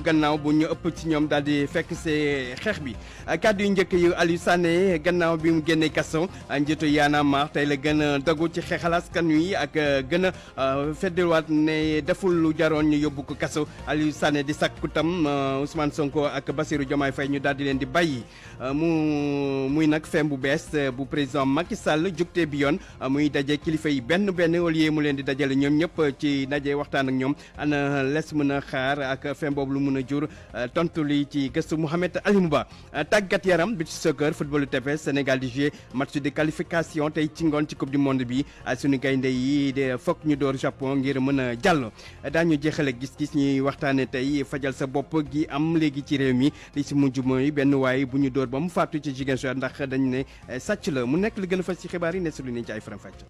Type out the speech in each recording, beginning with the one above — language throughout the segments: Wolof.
gannaaw bu ñu ëpp ci ñoom daal di fekk see xeex bi kàddu yu njëkk yu Aliou Sané gannaaw bi mu génnee kaso njiitu Y'en a marre tey la gën a dogu ci xeexal kan wi ak gën a euh, feddewaat ne deful lu jaroon ñu yóbbu ko kaso Aliou Sané di sakku tam euh, Ousmane Sonko ak Bassirou Diomaye Faye ñu daal di leen di bàyyi euh, mu muy nag feem bu bees bu président Macky Sall jugte bi yoon muy daje kilifa yi benn benn au mu leen di dajale ñoom ñëpp ci daje waxtaan ak ñoom ana mën a jur euh, tontu li ci gëstu Mouhamed Alioune Ba euh, tàggat yaram bi ci soccer footballu tefes Sénégal di joué match de qualification tey ci ngoon ci coupe du monde bi euh, suñu gaynde yi de fokk ñu door Japon ngir mën a jàll daañu jeexale gis-gis ñuy waxtaane tey fajal sa bopp gi am léegi ci réew mi li si mujj mooy benn waaye bu ñu door ba mu faatu ci Ziguinchor ndax dañu ne sàcc la mu nekk li gën a fas ci xibaar yi ne su lu ne ci ay faram-fàcc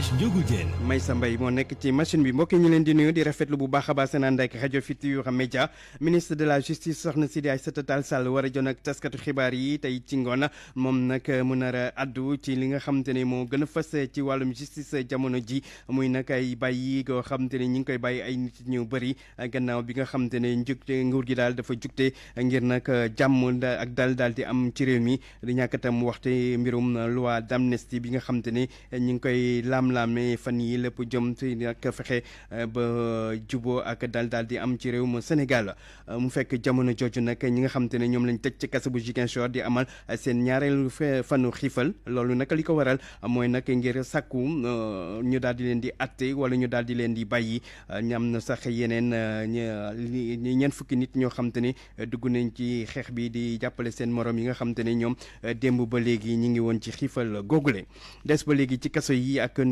Elhadj Ndiogou Diène Maysa Mbaye moo nekk ci machine bi mbokkee ñu leen di nuyu di rafetlu bu baax a baax seen ànd ak rajo Futurs Médias ministre de la justice soxna Sidi Aïssata Tall Sall war a joon ak taskatu xibaar yi tey ci ngoon moom nag mu nar a addu ci li nga xamante ne moo gën a fas ci wàllum justice jamono ji muy nag ay bàyyi goo xamante ne ñu ngi koy bàyyi ay nit ñu bëri gannaaw bi nga xamante ne njug nguur gi daal dafa jugte ngir nag jàmm ak dal daal di am ci réew mi di ñàkk tam waxte mbirum loi d'amnistie bi nga xamante ne ñu ngi koy lam lam-laame fan yi lépp jëm ci nag fexe eh, ba juboo ak dal daal di am ci réew mu Sénégal eh, mu fekk jamono jooju nag ñi nga xam ne ñoom lañ tej ci kaso bu Ziguinchor di amal seen ñaareelu fanu xiifal loolu naka li ko waral mooy nag ngir sàkku eh, ñu daal di leen di atte wala ñu daal di leen di bàyyi ñam na sax yeneen ñeent fukki nit ñoo xam te dugg nañ ci xeex bi di jàppale seen moroom yi nga xam ne ñoom démb ba léegi ñu ngi woon ci xiifal googule des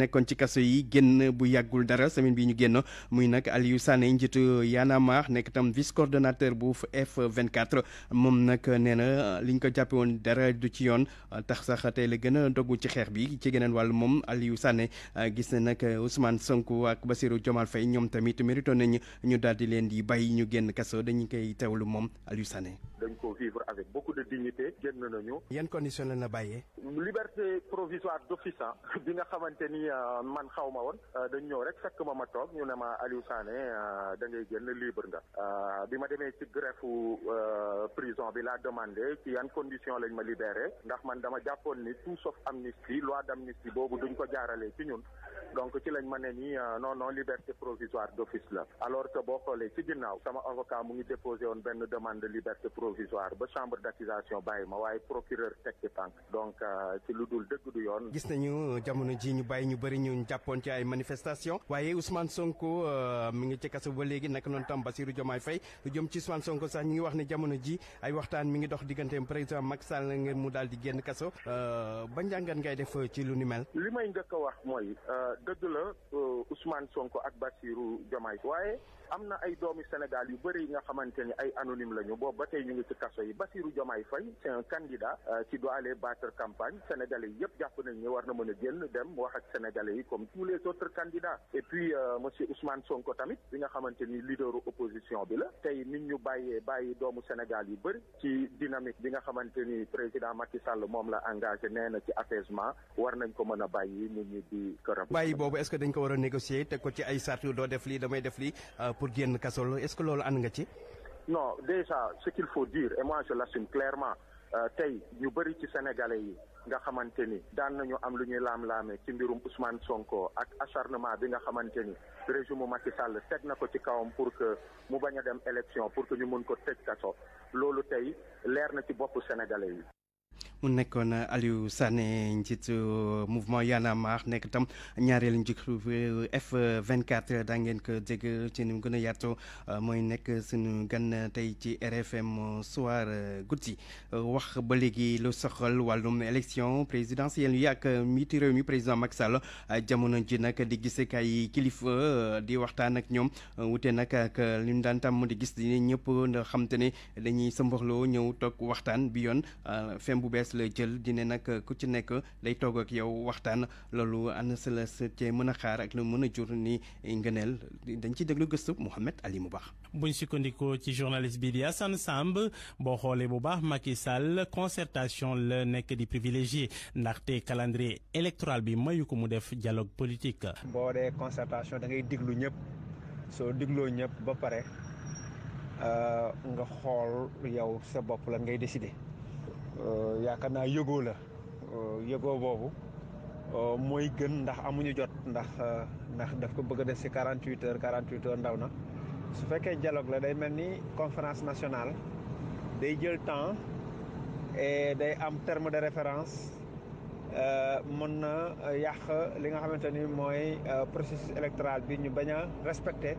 nekkoon ci kaso yi génn bu yàggul dara semaine bi ñu génn muy nag yu Sané njiitu Y'en a marre nekk tam vice coordonnateur bu F24 moom nag nee na li ñu ko jàppe woon dara du ci yoon tax sax tey la gën a dogu ci xeex bi ci geneen wàll moom yu sànne gis na nag Ousmane Sonko ak Bassirou jomal Faye ñoom tamit mérito nañu ñu daal di leen di bàyyi ñu génn kaso dañu koy teewlu moom yu Sané. dañ ko vivre avec beaucoup de dignité génn nañu. yan condition la Euh, man xaw ma woon euh, dañ ñëw rek fekk ma ma toog ñu ne ma Aliou Sané euh, da ngay génn libre nga bi ma demee ci greffe prison bi laa demandé ci yan condition lañ ma libéré ndax man dama jàppoon ni tout sauf amnistie loi d'amnistie boobu duñ ko jaaralee ci ñun donc ci lañ ma ne nii non non liberté provisoire d'office la alors que boo xoolee ci ginnaaw sama avocat mu ngi déposé woon benn demande de liberté provisoire ba chambre d'accusation bàyyi ma waaye procureur teg ci tànk bëri ñu jàppoon ci ay manifestation waaye Ousmane sonk euh, mu ngi ci kaso ba léegi naka noonu tam Bassirou Diomaye Faye lu jëm ci Ousmane Sonko sax ñu ngi wax ne jamono ji ay waxtaan mi ngi dox digganteem président Macky Sall ngeen mu daal di génn kaso euh, ba njàngat ngay def euh, ci lu ni mel. li may njëkk a wax mooy dëgg la Ousmane sonk ak Bassirou Diomaye waaye. am na ay doomi Sénégal yu bëri yi nga xamante ni ay anonyme lañu boobu ba tey ñu ngi ci kaso yi Bassirou Diomaye Faye c'est un candidat euh, qui doit aller campagne sénégalais yi yëpp jàpp nañ ne war na mën a génn dem wax ak sénégalais yi comme tous les autres candidats et puis euh, monsieur Ousmane Sonko tamit bi nga xamante ni leaderu opposition bi la tey nit ñu bàyyee bàyyi doomu Sénégal yi bëri ci dynamique bi nga xamante ni président Macky Sall moom la engagé nee na ci apaisement war nañ ko mën a bàyyi nit ñi di këram. bàyyi boobu est-ce que war a négocier teg ko ci ay sart yu def lii damay def lii euh, pour génn kaso la est-ce que loolu ànd nga ci. non déjà ce qu'il faut dire et moi je l'assume clairement euh, tey ñu bëri ci sénégalais yi nga xamante ni daan nañu am lu ñuy laam-laame ci mbirum Ousmane Sonko ak acharnement bi nga xamante ni régime Macky Sall teg na ko ci kawam pour que mu bañ a dem élection pour que ñu mun ko teg kaso loolu tey leer na ci boppu sénégalais yi. mu nekkoon euh, Aliou Sané njiitu euh, mouvement Y en a marre nekk tam ñaareel njiitu F24 daa ngeen ko dégg ci ni mu gën a euh, mooy nekk suñu gan tey ci RFM soir guddi wax ba léegi lu soxal wàllum élection présidentielle yi ak miiti réew mi président Macky Sall jamono ji nag di gise kay kilifa di waxtaan ak ñoom wute nag ak li mu daan mu di gis di ñëpp xam te ne dañuy sëmbaxloo ñëw toog waxtaan bi yoon fem bu bees bees lay jël di ne nag ku ci nekk day toog ak yow waxtaan loolu ana sa la sa cee mën a xaar ak lu mën a jur ni ngëneel dañ ciy déglu gëstu Mouhamed Ali mu baax. buñ sukkandikoo ci journaliste bi di Assane Samb boo xoolee bu baax Macky Sall concertation la nekk di privilégié ndaxte calendrier électoral bi mayu ko mu def dialogue politique. boo dee concertation dangay ngay diglu ñëpp soo digloo ñëpp ba pare euh, nga xool yow sa bopp lag ngay décider. Euh, yaakaar naa yëgoo la euh, yëgoo boobu euh, mooy gën ndax amuñu jot ndax ndax daf ko bëgg a def si 48 heures 48 heures ndaw na su fekkee dialogue la day mel ni conférence nationale day jël temps et day am terme de référence mën na yàq li nga xamante ni mooy processus électoral bi ñu bañ a respecté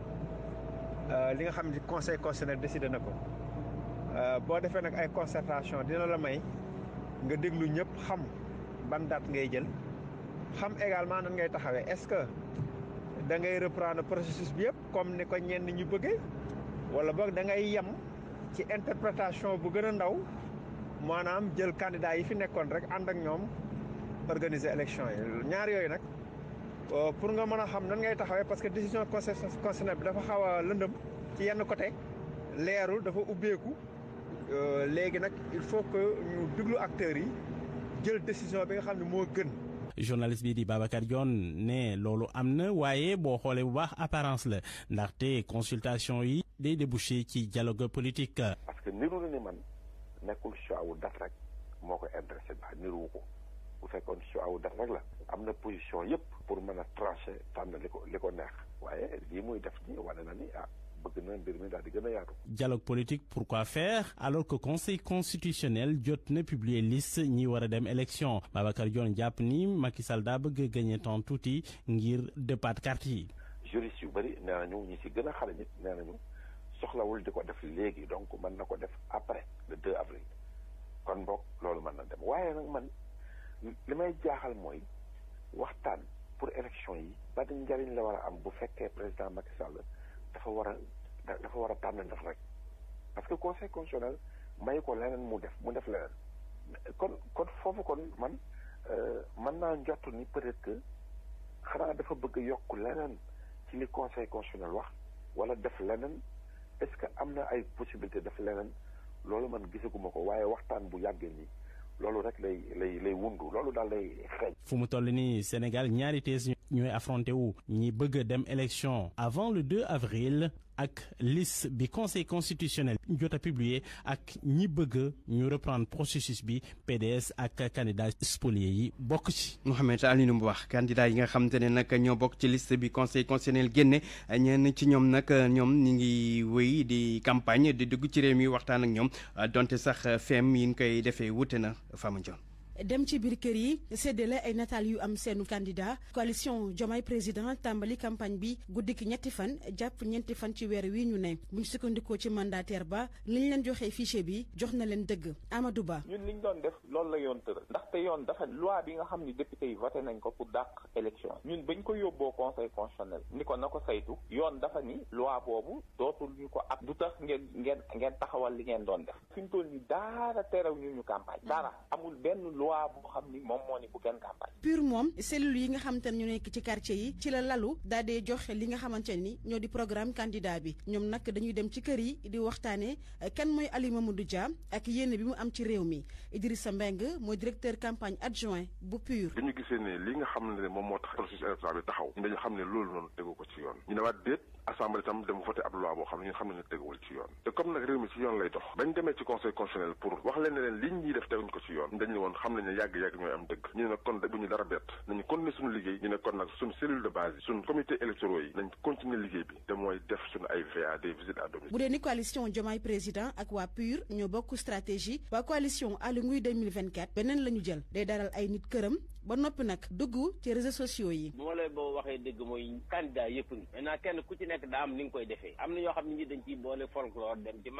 li nga xam ni conseil constitutionnel décidé na ko. Euh, boo defee nag ay concertation dina la may nga déglu ñëpp xam ban date ngay jël xam également nan ngay taxawee est-ce que da ngay reprendre processus bi yëpp comme ni ko ñenn ñu bëggee wala boog da ngay yem ci interprétation bu gën a ndaw maanaam jël candidat yi fi nekkoon rek ànd ak ñoom organiser élection yi ñaar yooyu nag euh, pour nga mën a xam nan ngay taxawee parce que décision constitutionnelle bi dafa xaw a lëndëm ci yenn côté leerul dafa ubbeeku Euh, léegi nag il faut que ñu déglu acteurs yi jël décision bi nga xam ne moo gën. journaliste bi di Babacar Dione ne loolu am na waaye boo xoolee bu baax apparence la ndaxte consultation yi day débouché ci dialogue politique. parce que niru na ni man nekkul choix wu date rek moo ko intéressé ndax niruwu ko bu fekkoon choix wu date rek la. am na position yëpp. pour mën a trancher tànn li ko li ko neex. waaye lii muy def nii wane na ni ah. bëgg na mbir mi ndax di gën a yaatu. dialogue politique pourquoi faire alors que conseil constitutionnel jot na publier liste ñi war a dem élection Babacar Dione jàpp ni Macky Sall daa bëgg a gagné temps tuuti ngir dëppaat carte yi. juriste yu bëri nee nañu ñi si gën a xarañ it nee nañu soxlawul di ko def léegi donc mën na ko def après le 2 avril kon boog loolu mën na dem waaye nag man li may jaaxal mooy waxtaan pour élection yi ba njariñ la war a am bu fekkee président Macky Sall. dafa war a dafa war a tànn ndax rek parce que conseil constitutionnel may ko leneen mu def mu def leneen kon kon foofu kon man euh, mën naa njott ni peut-être que xanaa dafa bëgg yokk leneen ci li conseil constitutionnel wax wala def leneen est-ce que am na ay possibilité def leneen loolu man gisaguma ko waaye waxtaan bu yàggee nii loolu rek lay lay lay wundu loolu daal lay xeeñ. fu mu toll nii Sénégal ñaari tees ñooy affronté wu ñi bëgg dem élection avant le 2 avril. ak list bi conseil constitutionnel jot a publier ak ñi bëgg ñu reprendre processus bi PDS ak candidat spoliés yi bokk ci. Mouhamed Alioune wax candidat yi nga xamante ne nag ñoo bokk ci list bi conseil constitutionnel génne ñenn ci ñoom nag ñoom ñu ngi wéy di campagne di dugg ci réew mi waxtaan ak ñoom donte sax feem yi ñu koy defee wute na Fama Ndione dem ci biir kër yi séddale ay nataal yu am seenu candidat coalition Diomaye président tàmbali campagne bi guddik ñetti fan jàpp ñeenti fan ci weer wi ñu ne buñ sukkandikoo ci mandataire ba liñ leen joxe fichier bi jox na leen dëgg Amadou Ba. ñun liñ doon def loolu la yoon tëral ndaxte yoon dafa loi bi nga xam ni député yi voté nañ ko pour dàq élection ñun bañ ko yóbboo conseil constitutionnel ni ko na ko saytu yoon dafa ni loi boobu dootul ñu ko ab du tax ngeen ngeen ngeen taxawal li doon def fi mu toll nii daara terew ñu loi xam ni moom moo ni moom cellule yi nga xamante ne ñu nekk ci quartier yi ci la lalu daal di jox li nga xamante ni ñoo di programme candidat bi ñoom nag dañuy dem ci kër yi di waxtaanee eh, kan mooy Aliou Mamadou Dia ak yenn bi mu am ci réew mi sa Mbengue mooy directeur campagne adjoint bu PUR. dañu gisee ne li nga xam ne moom moo tax processus électoral bi taxaw. dañu xam ne loolu noonu tegu ko ci yoon. assemblée tam dama voté ab loi boo xam ne ñun xam ci yoon te comme nag réew mi ci yoon lay dox bañ demee ci conseil constitutionnel pour wax leen leen liñ ñuy def teguñ ko ci yoon dañ woon xam nañ ne yàgg-yàgg ñooy am dëgg ñu ne nag kon bu ñu dara bett nañu continuer suñu liggéey ñu ne kon nag suñu cellule de base yi suñu comité électoraux yi nañ continuer liggéey bi te mooy def suñu ay VA des visites bu dee ni coalition Diomaye président ak waa PUR ñoo bokk stratégie la ñu jël day daral ay nit këram ba noppi nag dugg ci réseaux sociaux yi bu ma lay boo waxee dëgg mooy candidat yëpp ngi maintenant kenn ku ci nekk daa am ni nga koy defee am na ñoo xam ne ñi dañ ciy boole folklore dem ci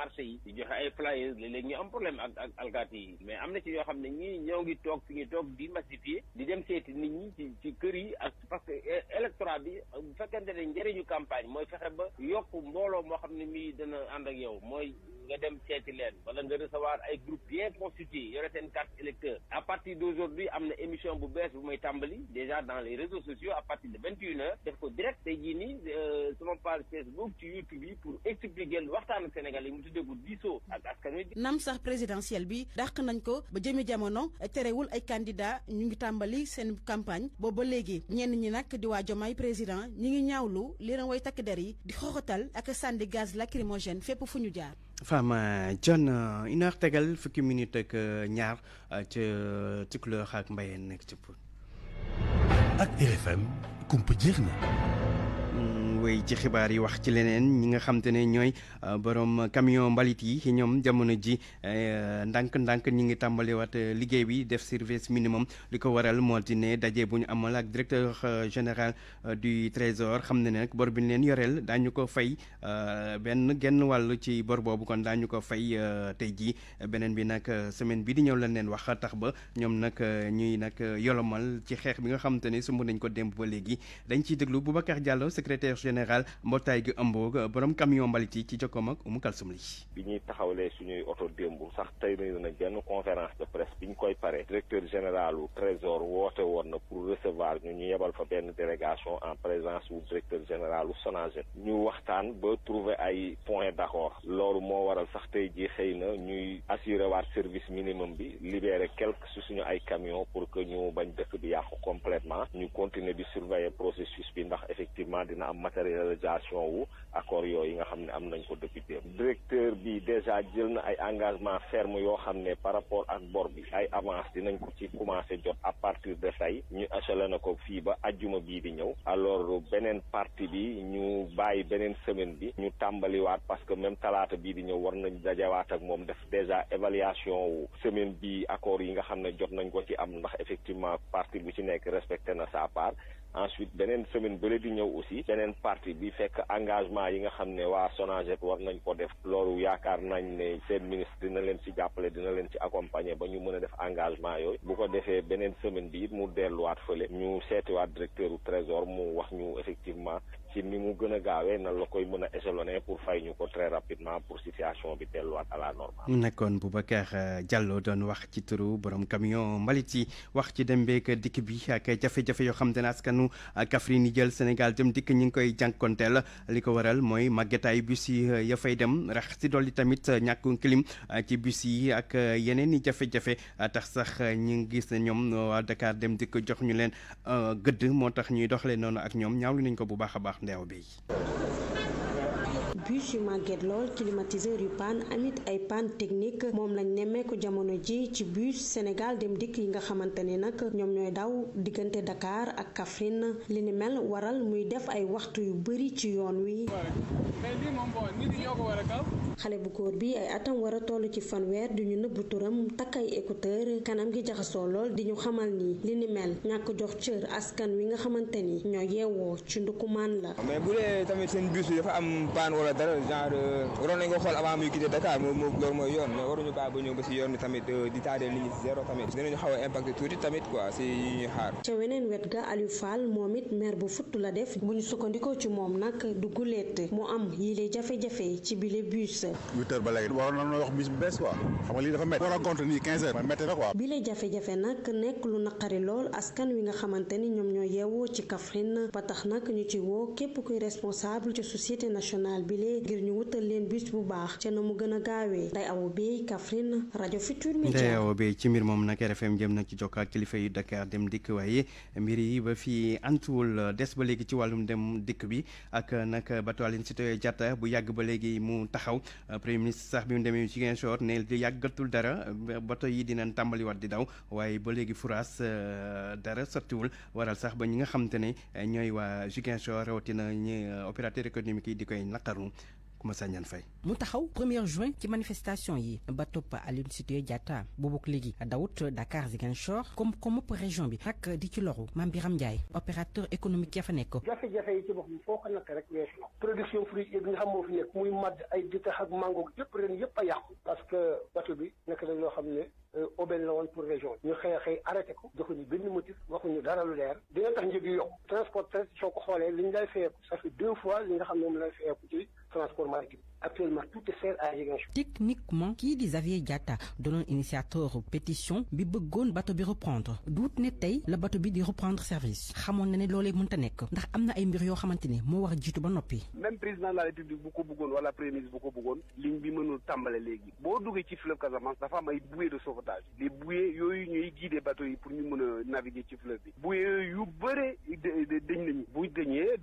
yoo xam ne ñii ñoo ngi toog fi ñu toog di massifier di dem seeti nit ñi ci ci kër yi ak parce que eh, électorat bi euh, bu fekkente ne ñu campagne mooy fexe ba yokk mbooloo moo xam ne mii dana ànd ak yow mooy nga dem seeti leen wala nga recevoir ay groupe bien constitué yore seen carte électeur à partir d'aujourd'hui am bees bu may tàmbali déjà dans les réseaux sociaux à partir de vingt et une heures def euh, waxtaan ak Sénégal yi mu tuddee ko diisoo naam sax présidentielle bi dax nañ ko ba jëmi jamono terewul ay candidats ñu ngi tàmbali seen campagne boobu ba léegi ñenn ñi nag di waa Jomaay président ñi ngi ñaawlu li leen way takk der yi di xoxatal ak sànni gaz lacrymogène fépp fu ñu jaar. Fama John euh, une heure tegal fukki minute ak euh, ñaar euh, ca Tukulóor ak Mbayeen nekk ci Poul. ak RFM kumpa jeex na. wéy ci xibaar yi wax ci leneen ñi nga xam ne ñooy euh, boroom camion mbalit yi ñoom jamono ji euh, ndànk-ndànk ñi ngi tàmbaliwaat euh, liggéey bi def service minimum li ko waral moo di ne daje buñu amal ak directeur général du trésor xam ne ne nag bor bi ñu leen yoreel daañu ko fay benn genn wàll ci bor boobu kon daañu ko fay tey jii beneen bi nag semaine bi di ñëw lañ leen wax tax ba ñoom nag ñuy nag yolomal ci xeex bi nga xam te sumb nañ ko démb ba léegi général mbootaay gi ëmboog borom camion mbalit yi ci jokkoom ak umu kalsum li bi ñuy taxawalee suñuy oto démb sax tey nañu nañ genn conférence de presse bi ñu koy pare directeur généralu trésor woote woon na pour recevoir ñu ñu yebal fa benn délégation en présence wu directeur généralu SONAGED ñu waxtaan ba trouver ay point d'accord loolu moo waral sax tey jii xëy na ñuy assurer waar service minimum bi libérer quelque su suñu ay camion pour que ñu bañ dëkk bi yàqu ñu continuer di surveiller processus bi ndax effectivement dina am matériel matérialisation wu accord yooyu nga xam ne am nañ ko depuis démb directeur bi déjà jël na ay engagement ferme yoo xam ne par rapport ak bor bi ay avance dinañ ko ci commencé jot à partir de tey ñu achalé na ko fii ba ajjuma bii di ñëw alors beneen parti bi ñu bàyyi beneen semaine bi ñu tàmbaliwaat parce que même talaata bii di ñëw war nañ dajawaat ak moom def déjà évaluation wu semaine bi accord yi nga xam ne jot nañ ko ci am ndax effectivement partie bu ci nekk respecté na sa ensuite beneen semaine bële di ñëw aussi beneen partie bi fekk engagement yi nga xam ne waa SONAGED war nañ ko def loolu yaakaar nañ ne seen ministre dina leen ci jàppale dina leen ci accompagner ba ñu mën a def engagement yooyu bu ko defee beneen semaine bi it mu delluwaat fële ñu seetiwaat directeur u trésor mu wax ñu effectivement ci ni mu gën a gaawee nan la koy mën a pour fay ñu ko très rapidement pour situation bi delluwaat à la normale. mu nekkoon Boubacar euh, Diallo doon wax ci turu boroom camion mbalit yi wax ci dem beeg dikk bi ak jafe-jafe yoo xam te ne kafri ni jël Sénégal dem dikk ñu ngi koy jànkonteel li ko waral mooy màggetaay bus yi euh, ya fay dem rax si dolli tamit euh, ñàkku clim ci bus yi ak yeneen i jafe-jafe tax sax ñu ngi gis ne ñoom waa Dakar dem dikk jox ñu leen gëdd moo tax ñuy doxalee noonu ak ñoom ñaawlu nañ ko bu baax a baax. ndeew bi bus yu màgget lool climatiseur yu panne amit ay panne technique moom lañ nemmeeku jamono ji ci bus Sénégal dem dikk yi nga xamante ni nag ñoom ñooy daw diggante dakaar ak Kaffrine li mel waral muy def ay waxtu yu bari ci yoon wi. xale bu góor bi ay atam wara a toll ci fanweer di ñu nëbbu turam takk ay écouteur kanam gi jaxasoo lool di ñu xamal ni li ñàkk jox cër askan wi nga xamante ni ñoo yeewoo ci ndukumaan la. mais bu dee tamit seen bus yi dafa wala dara genre euh, waroon nañ ko xool avant muy quitter Dakar moom moom loolu mooy yoon mais waruñu bàyyi ba ñëw ba si yoon tamit euh, di taadee nit ñi si zéro tamit dinañu xaw a impacté tuuti tamit quoi si moom it du guleet mu am yile jafe-jafe ci bile bus. huit ba léegi waroon nañoo wax bus bu bees quoi xam nga lii dafa métti. war a compter nii quinze heures. métti na quoi. bile jafe-jafe nag nekk lu naqari lool askan wi nga xamante ñoom ñoo yeewoo ci Kaffrine ba tax nag loolee ngir ñu wutal leen bus bu baax ca na mu gën a gaawee Ndeye Awa Beye Kaffrine rajo Futurs Médias Ndeye Awa Beye ci mbir moom nag RFM jëm nag ci jokkoo kilifa yu Dakar dem dikk waaye mbir yi ba fi antuwul des ba léegi ci wàllum dem dikk bi ak nag bateau Aline Sitoé Diatta bu yàgg ba léegi mu taxaw premier ministre sax bi mu demee ci ne di yàggatul dara bato yi dinañ tàmbaliwaat di daw waaye ba léegi furaas euh, dara sottiwul waral sax ba ñu nga xamante ne ñooy waa Ziguinchor rawatina ñi euh, opérateur économique yi di koy naqaru Diatta Koumassa Niane Faye mu taxaw première er juin ci manifestation yi ba topp Aline Sitoé Diatta boobuk léegi dawut Dakar Ziguinchor comme comme région bi ak di ci loxo Mame Biram Ndiaye opérateur économique ya fa nekk jafe-jafe yi ci boppam foo ko natt rek weesu na production fruit yi nga xam fi nekk muy madd ay ditax ak mango yëpp ren yëpp a yàqu parce que bateau bi nekk na loo xam ne euh, aubaine la woon pour région ñu xëy a xëy arrêté ko joxuñu benn dara lu leer dina tax njëg yu yokk ñu lay fayeeku ça fait nga xam ne transport maritime actuellement tout est fait à Ziguinchor. techniquement kii di Xavier Diatta doonoon initiateur pétition bi bëggoon bato bi reprendre duut ne tey la bato bi di reprendre service xamoon na ne loolee mënta nekk ndax am na ay mbir yoo xamante ne moo wax a jiitu ba noppi. même président de la république bu ko bëggoon wala premier ministre bu ko bëggoon ligne bi mënul tàmbale léegi boo duggee ci fleuve Casamance dafa am ay bouées de sauvetage les bouées yooyu ñuy guider bato yi pour ñu mën a naviguer ci fleuve bi bouées yooyu yu bëre dëñ nañu bu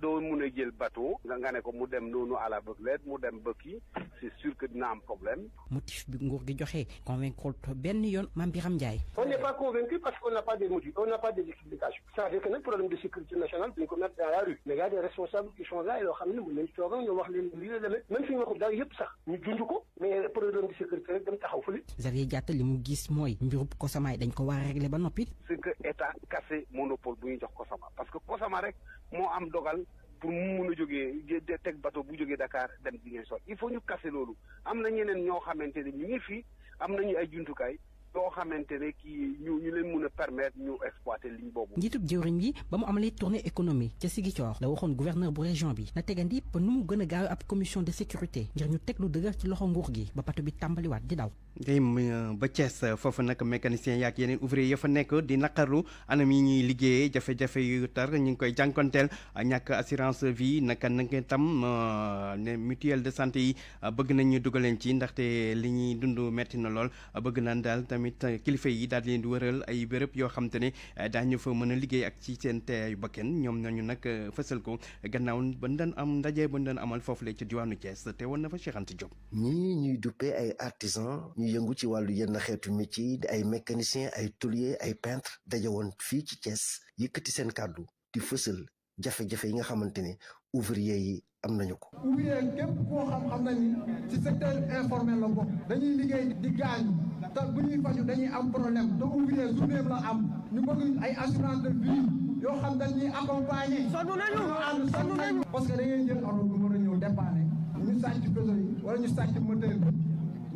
doo mën a jël bateau nga ne ko mu dem noonu à léegi mu dem ba kii c'est sûr que dina am problème. motif bi nguur gi joxe convaincre benn yoon Mame Birame Ndiaye. on n'est pas convaincu parce qu'on n'a pas des motifs on n'a pas des explications. c'est-à-dire que nag problème de sécurité nationale dañ ko mettre dans la rue. mais y a des responsables qui sont là yoo xam ne mën nañu toog ñu wax leen lii la demee même suñu waxu daal yëpp sax ñu junj ko mais problème de sécurité rek dem taxaw fële. Xavier Diatta li mu gis mooy mbirub Kosama yi dañ ko war a régler ba noppi. c'est que état cassé monopole bu ñu jox Kosama parce que Kosama rek moo am dogal. pour mu mun a jógee teg bateau bu jógee Dakar dem Ziguinchor il faut ñu casser loolu am na ñeneen ñoo xamante ne ñu ngi fi am nañu ay jumtukaay loo xamante ne kii ñu ñu leen mën a permettre ñu exploiter ligne boobu. njiitub jëwriñ yi ba mu amalee tournée économique ca Ziguinchor la waxoon gouverneur bu région bi na tegandi ba nu mu gën a gaaw ab commission de sécurité ngir ñu teg lu dëgër ci loxo nguur gi ba pato bi tàmbaliwaat di daw. tey euh, ba Thiès foofu nag mécanicien yaa ak yeneen ouvrier ya fa nekk di naqarlu anam yi ñuy liggéeyee jafe-jafe yu tar ñu ngi koy jànkonteel ñàkk assurance vie naka naka tam euh, ne mutuelle de santé yi bëgg nañ ñu dugaleen ci ndaxte li ñuy dund metti na lool bëgg naan daal tamit eh, kilifa yi daal di leen di wëral ay bërëb yoo xam te ne eh, daañu fa mën a liggéey ak ci seen teeyaayu bakken ñoom nañu nag eh, fësal ko gannaaw ba daan am ndaje ba daan amal foofu la ci diwaanu Thiès te woon na fa Cheikh Anta Diop. ñii ñuy duppee ay artisan ñu yëngu ci wàllu yenn xeetu ci di ay mécanicien ay tôlier ay peintre daje woon fii ci Thiès yëkkati seen kàddu di fësal jafe-jafe yi nga xamante ne ouvrier yi. am nañu ko. ouvrier képp koo xam xam na ci secteur informel te bu ñuy faju dañuy am problème te ouvrier journée la am ñu bëgg ay assurance de vie yoo xam dañ ñuy accompagner. sonn nañu ànd sonn nañu. parce que da jël oto bu mën a ñëw dépanner ñu sàcc peso yi wala ñu sàcc moteur bi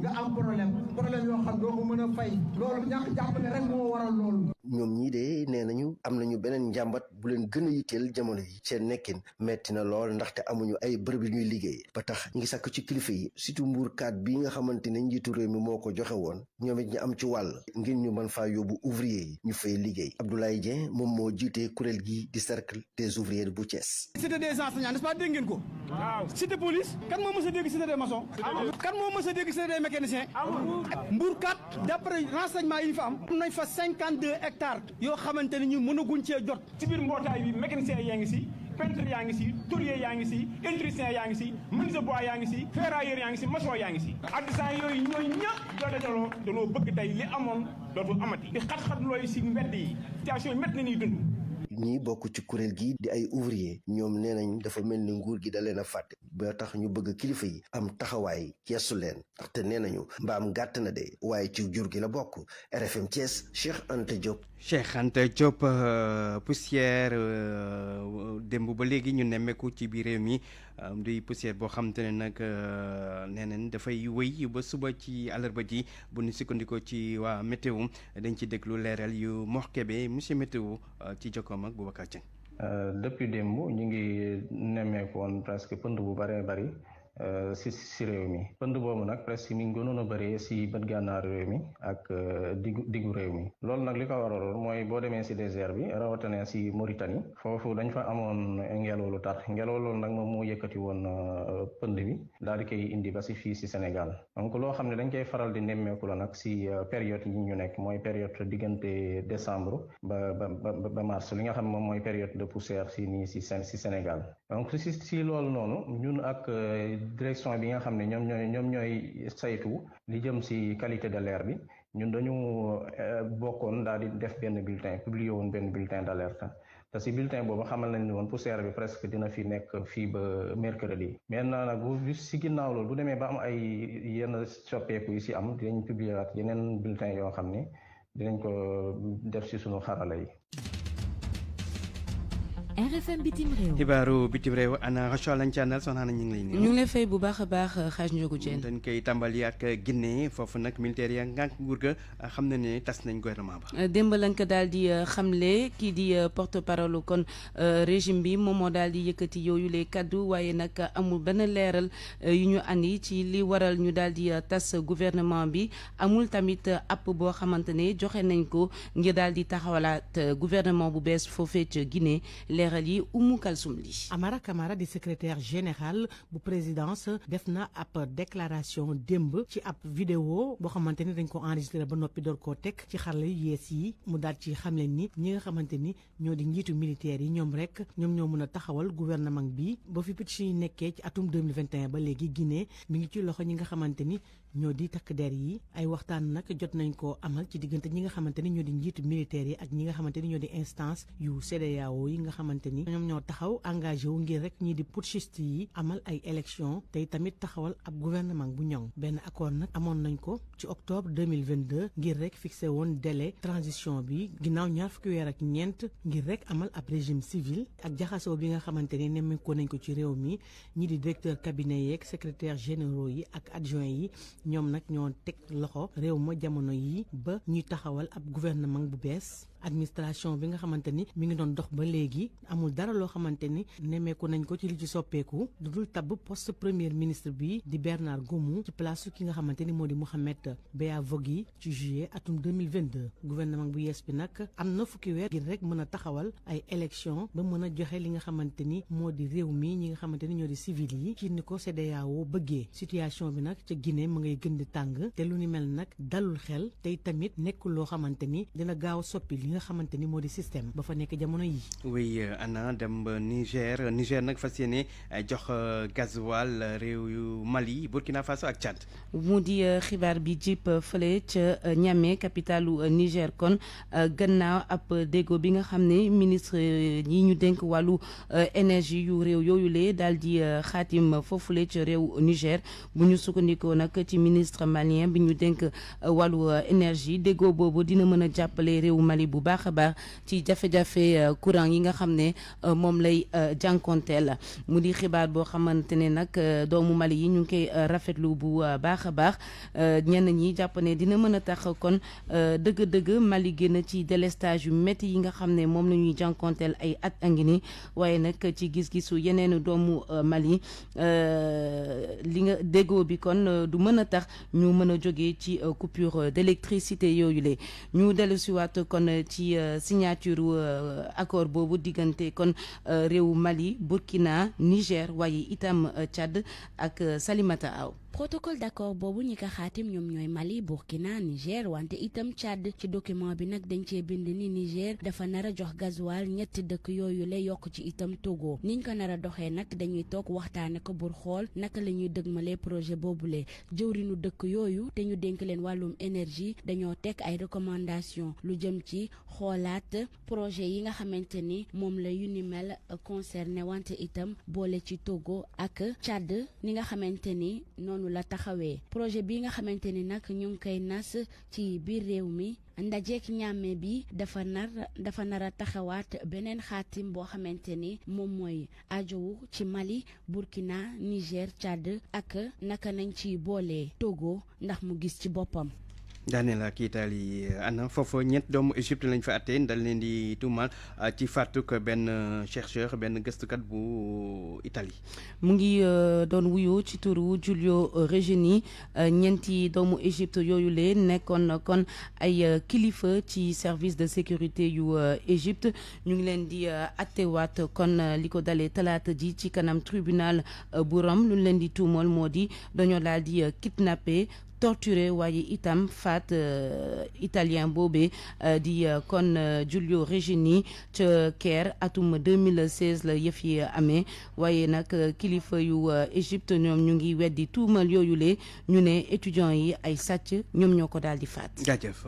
nga am problème problème yoo xam doo mën a fay. loolu ñàkk jàpp ne rek moo waral loolu. ñoom ñii de nee nañu am nañu beneen njàmbat bu leen gën a yitteel jamono yi seen nekkin metti na lool ndaxte amuñu ay bërëb yu ñuy liggéey ba tax ñu ngi sàkk ci kilifa yi surtout mbuurkaat bi nga xamante ne njiitu réew mi moo ko joxe woon ñoom it ñu am ci wàll ngir ñu mën faa yóbbu ouvrier yi ñu fay liggéey Abdoulaye Dieng moom moo jiite kuréel gi di cercle des ouvriers bu Thiès. cité des enseignants n'est-ce pas dégg ngeen ko. waaw police. kan moo mës hectares yoo xamante ni ñu mënaguñ cee jot. ci biir mbootaay bi mécanicien yaa ngi si peintre yaa ngi si tourier yaa ngi si électricien yaa ngi si menuisier bois yaa ngi si ferrailleur yaa ngi si maçon yaa ngi si. artisan yooyu ñooy si mbedd yi situation yi bokk ci kuréel gi di ay ouvrier ñoom nee nañ dafa mel ni nguur gi da leen a fàtte ba tax ñu bëgg kilifa yi am taxawaay ceesu leen ndaxte nee nañu mbaam gàtt na de waaye ci jur gi la bokk RFM Thiès Cheikh Anta Diop Cheikh Anta Diop euh, poussière euh, démb ba léegi ñu nemmeeku ci biir réew mi di poussière boo xam ne nag euh, nee nañ dafay wéy ba suba ci àllarba ji bu ñu sukkandikoo ci waa météo dañ ci déglu leeral yu Mor Kébé monsieur météo ci jokkoom ak Boubacar Dieng. depuis démb ñu ngi nemmeeku woon pënd bu bëree bëri. Euh, si si réew mi pënd boobu nag presque mi ngi gënoon a bëree si bët gànnaar réew mi ak euh, diggu diggu réew mi loolu nag li ko waraloon mooy boo demee si désert bi rawatina si Mauritanie foofu dañ fa amoon ngelaw lu tar ngelaw loolu nag moom moo yëkkati woon euh, pënd bi daal di koy indi ba si fii si Sénégal donc loo xam ne dañ koy faral di nemmeeku la nag si période yi ñu nekk mooy période diggante décembre ba ba ba mars li nga xam moom mooy période de poussière si nii si si Sénégal donc si si loolu noonu ñun ak euh, direction bi nga xam ne ñoom ñooy ñoom ñooy saytu li jëm si qualité de l'air bi ñun dañu euh, bokkoon daal di def benn bulletin publié woon benn bulletin d'alerte te si bulletin boobu xamal nañ ne woon poussière bi presque dina fi nekk fii ba mercredi. maintenant nag bu si ginnaaw loolu bu demee ba am ay yenn soppeeku yu si am dinañ publier waat yeneen bulletin yoo xam ne dinañ ko euh, def si suñu xarala yi. RFM bitim réew. xibaaru bitim réew ana Rochelle lañ ci àndal soxna ñu ngi lay ñu ngi lay fay bu baax a baax xaaj Ndiogu Dieng. dañ koy tàmbali ak ginne foofu nag militaire ya ngànk nguur ga xam na ne tas nañ gouvernement ba. Euh, démb lañ ko daal di euh, xamle kii di euh, porte parole kon régime bi moom moo daal di yëkkati yu les kàddu waaye nag amul benn leeral yu ñu andi ci li waral ñu daal di tas gouvernement bi amul tamit app boo xamante ne joxe nañ ko ngir daal di taxawalaat gouvernement bu bees foofee ca Guinée leer leeral yi Oumou Amara Camara di secrétaire général bu présidence def na ab déclaration démb ci ab vidéo boo xamante ni dañ ko enregistré ba noppi door koo teg ci xarala yu yees yi mu daal ci xam leen ni ñi nga xamante ni ñoo di njiitu militaires yi ñoom rek ñoom ñoo mën a taxawal gouvernement bi ba fi putsch yi nekkee ci atum ba léegi Guinée mi ngi ci loxo ñi nga xamante ni ñoo di takk der yi ay waxtaan nag jot nañ ko amal ci diggante ñi nga xamante ni ñoo di njiitu militaire yi ak ñi nga xamante ni ñoo di instance yu CEDEAO yi nga xamante ni ñoom ñoo taxaw engagé wu ngir rek ñii di putschiste yi amal ay élection tey tamit taxawal ab gouvernement bu ñoŋ benn accord nag amoon nañ ko ci octobre 2022 ngir rek fixé woon dele transition bi ginnaaw ñaar fukki weer ak ñeent ngir rek amal ab régime civil ak jaxasoo bi nga xamante ni nemmeeku nañ ko ci réew mi ñii di directeur cabinet yeeg secrétaire généraux yi ak adjoint yi ñoom nag ñoo teg loxo réew ma jamono yi ba ñuy taxawal ab gouvernement bu bees administration bi nga xamante ni mi ngi doon dox ba léegi amul dara loo xamante ni nemmeeku nañ ko ci li ci soppeeku du dul tabb poste premier ministre bi di Bernard Goumou ci place ki nga xamante ni moo di Mouhamed yi ci juillet atum 2022 gouvernement bu yees bi nag am na fukki weer ngir rek mën a taxawal ay élection ba mën a joxe li nga xamante ni moo di réew mi ñi nga xamante ni ñoo di civil yi ci ni ko CEDEAO bëggee situation bi nag ca Guinée mu ngay gën di tàng te lu ni mel nag dalul xel tey tamit nekkul loo xamante ni dina gaaw soppi nga xamante ni moo di système ba fa nekk jamono yi. oui euh, ana dem Niger Niger nag fas yéene euh, jox euh, gasoil réew yu Mali Burkina Faso ak Tchad. mu di xibaar bi jip fële ca Niamey capitalu Niger kon gannaaw ab déggoo bi nga xam ne ministre yi ñu denk wàllu énergie yu réew yooyu lee daal di xaatim foofule ca réew Niger bu ñu sukkandikoo nag ci ministre malien bi ñu dénk wàllu énergie déggoo boobu dina mën jàppale réew Mali bu. baax a baax ci jafe-jafe euh, courant yi nga xam ne euh, moom lay euh, jànkonteel mu di xibaar boo xamante ne nag doomu Mali yi ñu ngi koy rafetlu bu baax a baax ñenn ñi jàpp ne dina mën a tax kon dëgg-dëgg Mali génn ci délestage yu métti yi nga xam ne moom la ñuy jànkonteel ay at a ngi ni waaye nag ci gis-gisu yeneen doomu Mali li nga déggo bi kon du mën a tax ñu mën a joge ci coupure d'électricité yooyu le ñu dellusiwaat kon ci euh, signature euh, accord boobu diggante kon euh, réew Mali Burkina Niger waaye itam Tchad ak Salimata Aw protocole d'accord boobu ñi ko xaatim ñoom ñooy Mali ki Burkina Niger wante itam Tchad ci document bi nag dañ cee bind ni Niger dafa nar a jox gasoil ñetti dëkk yooyu lay yokk ci itam Togo niñ ko nar a doxee nag dañuy toog waxtaane ko bur xool naka la ñuy dëgmale projet boobu boobule jëwrinu dëkk yooyu te ñu dénk leen wàllum énergie dañoo teg ay recommandations lu jëm ci xoolaat projet yi nga xamante ni moom la yu ni mel concerné wante itam boole ci Togo ak Tchad ni nga xamante ni noonu la taxawee projet bi nga xamante ni nag ñu ngi koy nas ci biir réew mi ndajeek ñàmme bi dafa nar dafa nar a taxawaat beneen xaatim boo xamante ni moom mooy ajowu ci Mali Burkina Niger Tchad ak naka nañ ci boole toggoo ndax mu gis ci boppam daaneel ak Italie euh, ana foofa ñett doomu Égypte lañ fa àttee dal leen di tuumaal euh, ci fàttuk benn euh, chercheur benn gëstukat bu Italie. mu ngi doon wuyoo ci turu julio Regeni ñeenti doomu Égypte yooyu lee nekkoon kon ay kilifa ci service de sécurité yu Égypte ñu ngi leen di àtteewaat kon li ko dalee talaata ji ci kanam tribunal bu Rome lu leen di tuumal moo di dañoo daal di kidnappé. torturé waaye itam faat euh, italien boobee euh, di euh, kon Giulio Regeni ca Caire atum 2016 la yëf yi amee waaye nag kilifa yu Égypte ñoom ñu ngi weddi tuumal yooyu le ñu ne étudiants yi ay sàcc ñoom ñoo ko daal di faat. jaajëf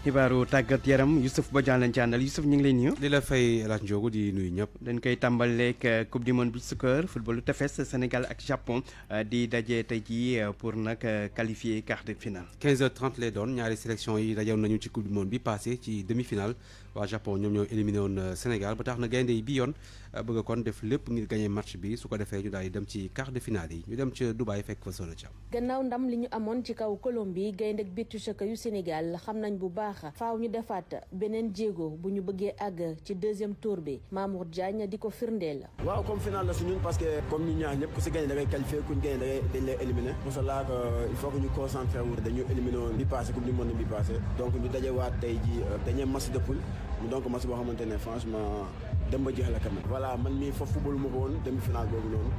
xibaaru tàggat yaram Youssouf ba lañ ci àndal Youssouf ñu ngi lay nuyu. di la fay laaj Ndiogu di nuyu ñëpp. dañ koy tàmbaleeg euh, coupe du monde bi soccer footballu tefes Sénégal ak Japon euh, di daje tey jii euh, pour nag qualifier quart de finale. 15h30 lay doon ñaari sélection yi dajewoon nañu ci coupe du monde bi passé ci demi-finale. waa Japon ñoom ñoo éliminé woon euh, Sénégal ba tax na gaynde yi bi yoon euh, bëgg kon def lépp ngir gagné match bi su ko defee ñu daal di dem ci quart de finale yi ñu dem ca Dubaay fekk fa solo cam ndam li ñu amoon ci kaw Colombie gaynde ak bittu sëkk yu Sénégal xam nañ bu baax faaw ñu defaat beneen jéego bu ñu bëggee àgg ci deuxième tour bi Mamour Diagne di ko firndeel waaw comme final la parce que comme ñu ñëpp ku si gagné da ngay euh, ñu concentré wu dañu éliminé woon bi passé comme ñu mën na tey ji dañee match de poule donc match boo xamante ne franchement dem ba jeex la quand même. voilà man mii foofu football ma dem woon boobu noonu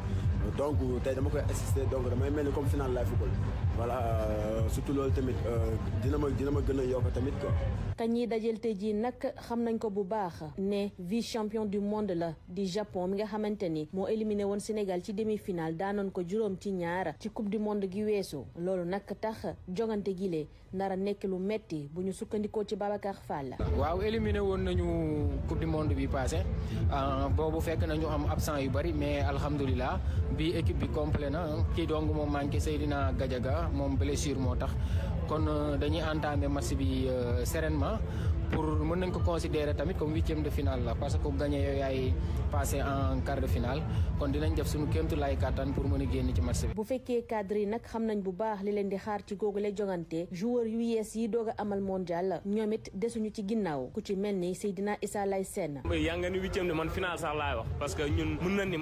donc tey dama koy assister donc damay mel ni comme final laay football. voilà euh, surtout loolu tamit euh, dina ma gën a yokk tamit quoi. ka ñiy dajeel tey jii nag xam nañ ko bu baax ne vice champion du monde la di Japon mi nga xamante ni moo éliminé woon Sénégal ci demi-finale daanoon ko juróom ci ñaar ci coupe du monde gi weesu loolu nag tax jongante gile nara nekk lu metti bu ñu sukkandikoo ci Babacar Fall. waaw éliminé woon nañu coupe du monde bi passé ah, boobu fekk nañu am absent yu bari mais alhamdulilah bi équipe bi complet na kii donc moo manqué Seydina Gadiaga ah moom blessure moo tax kon euh, dañuy entamer match bi euh, sereinement pour mën nañ ko considérer tamit comme huitième de finale la parce que gagné yooyu yaay passé en quart de finale kon dinañ def suñu kéemtu laay kàttan pour mën a génn ci match bi. bu fekkee cadre yi xam nañ bu baax li leen di xaar ci googu lay jogante joueur yu yees yi doog a amal mondial la ñoom desuñu ci ginnaaw ku ci mel ni Seydina Issa Lay Sène. yaa nga ni huitième de man finale sax que ñun mën nañ ni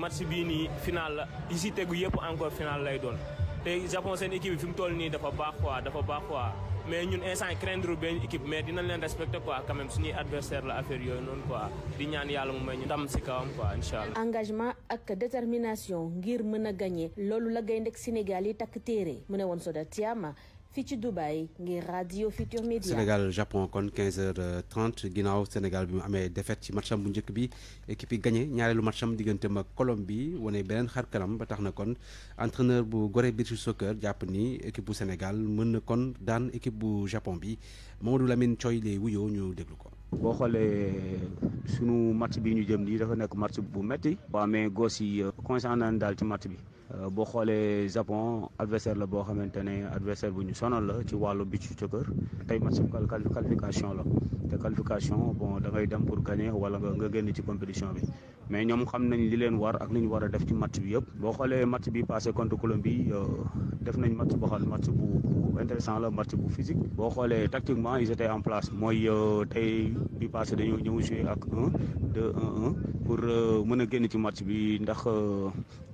la lay doon. te Japon seen équipe bi mu toll nii dafa baax koi dafa baax quoi mais ñun instant craindre benn équipe mais dinañ leen respecter quoi quand même suñuy adversaire la affaire yooyu noonu quoi di ñaan yàlla mu may ñu ndam si kawam quoi incha allah. engagement ak détermination ngir mën a gagné loolu la gaynde ak Sénégal yi takk téere mu ne woon Soda Thiam fii ci Dubaï ngir radio Futur Media. Sénégal Japon kon 15 h ginnaaw Sénégal bi mu amee défaite ci matcham bu njëkk bi équipe yi gagné ñaareelu matcham digganteem ak Colombie wane beneen xar kanam ba tax na kon entraîneur bu Gorée Beach Soccer jàpp ni équipe bu Sénégal mën na kon daan équipe bu Japon bi Mamadou Lamine Thioy lay wuyoo ñu déglu ko. boo xoolee sunu match bi ñu jëm nii dafa nekk match bu metti waaw amee gos yi euh, conscient nañ daal ci match bi. Euh, boo xoolee Japon adversaire la boo xamante ne adversaire bu ñu sonal la ci wàllu bi beach soccer tey match qualification la te qualification bon da ngay dem pour gagner wala nga génn ci compétition bi mais ñoom xam nañ li leen war ak li ñu war a def ci match bi yëpp. boo xoolee match bi passé contre Colombie euh, def nañ match boo xam match bu bu la match bu physique. boo xoolee tactiquement ils étaient en place mooy euh, tey bi passé dañoo ñëw jouer ak 1 2 1 1 pour mën a génn ci match bi ndax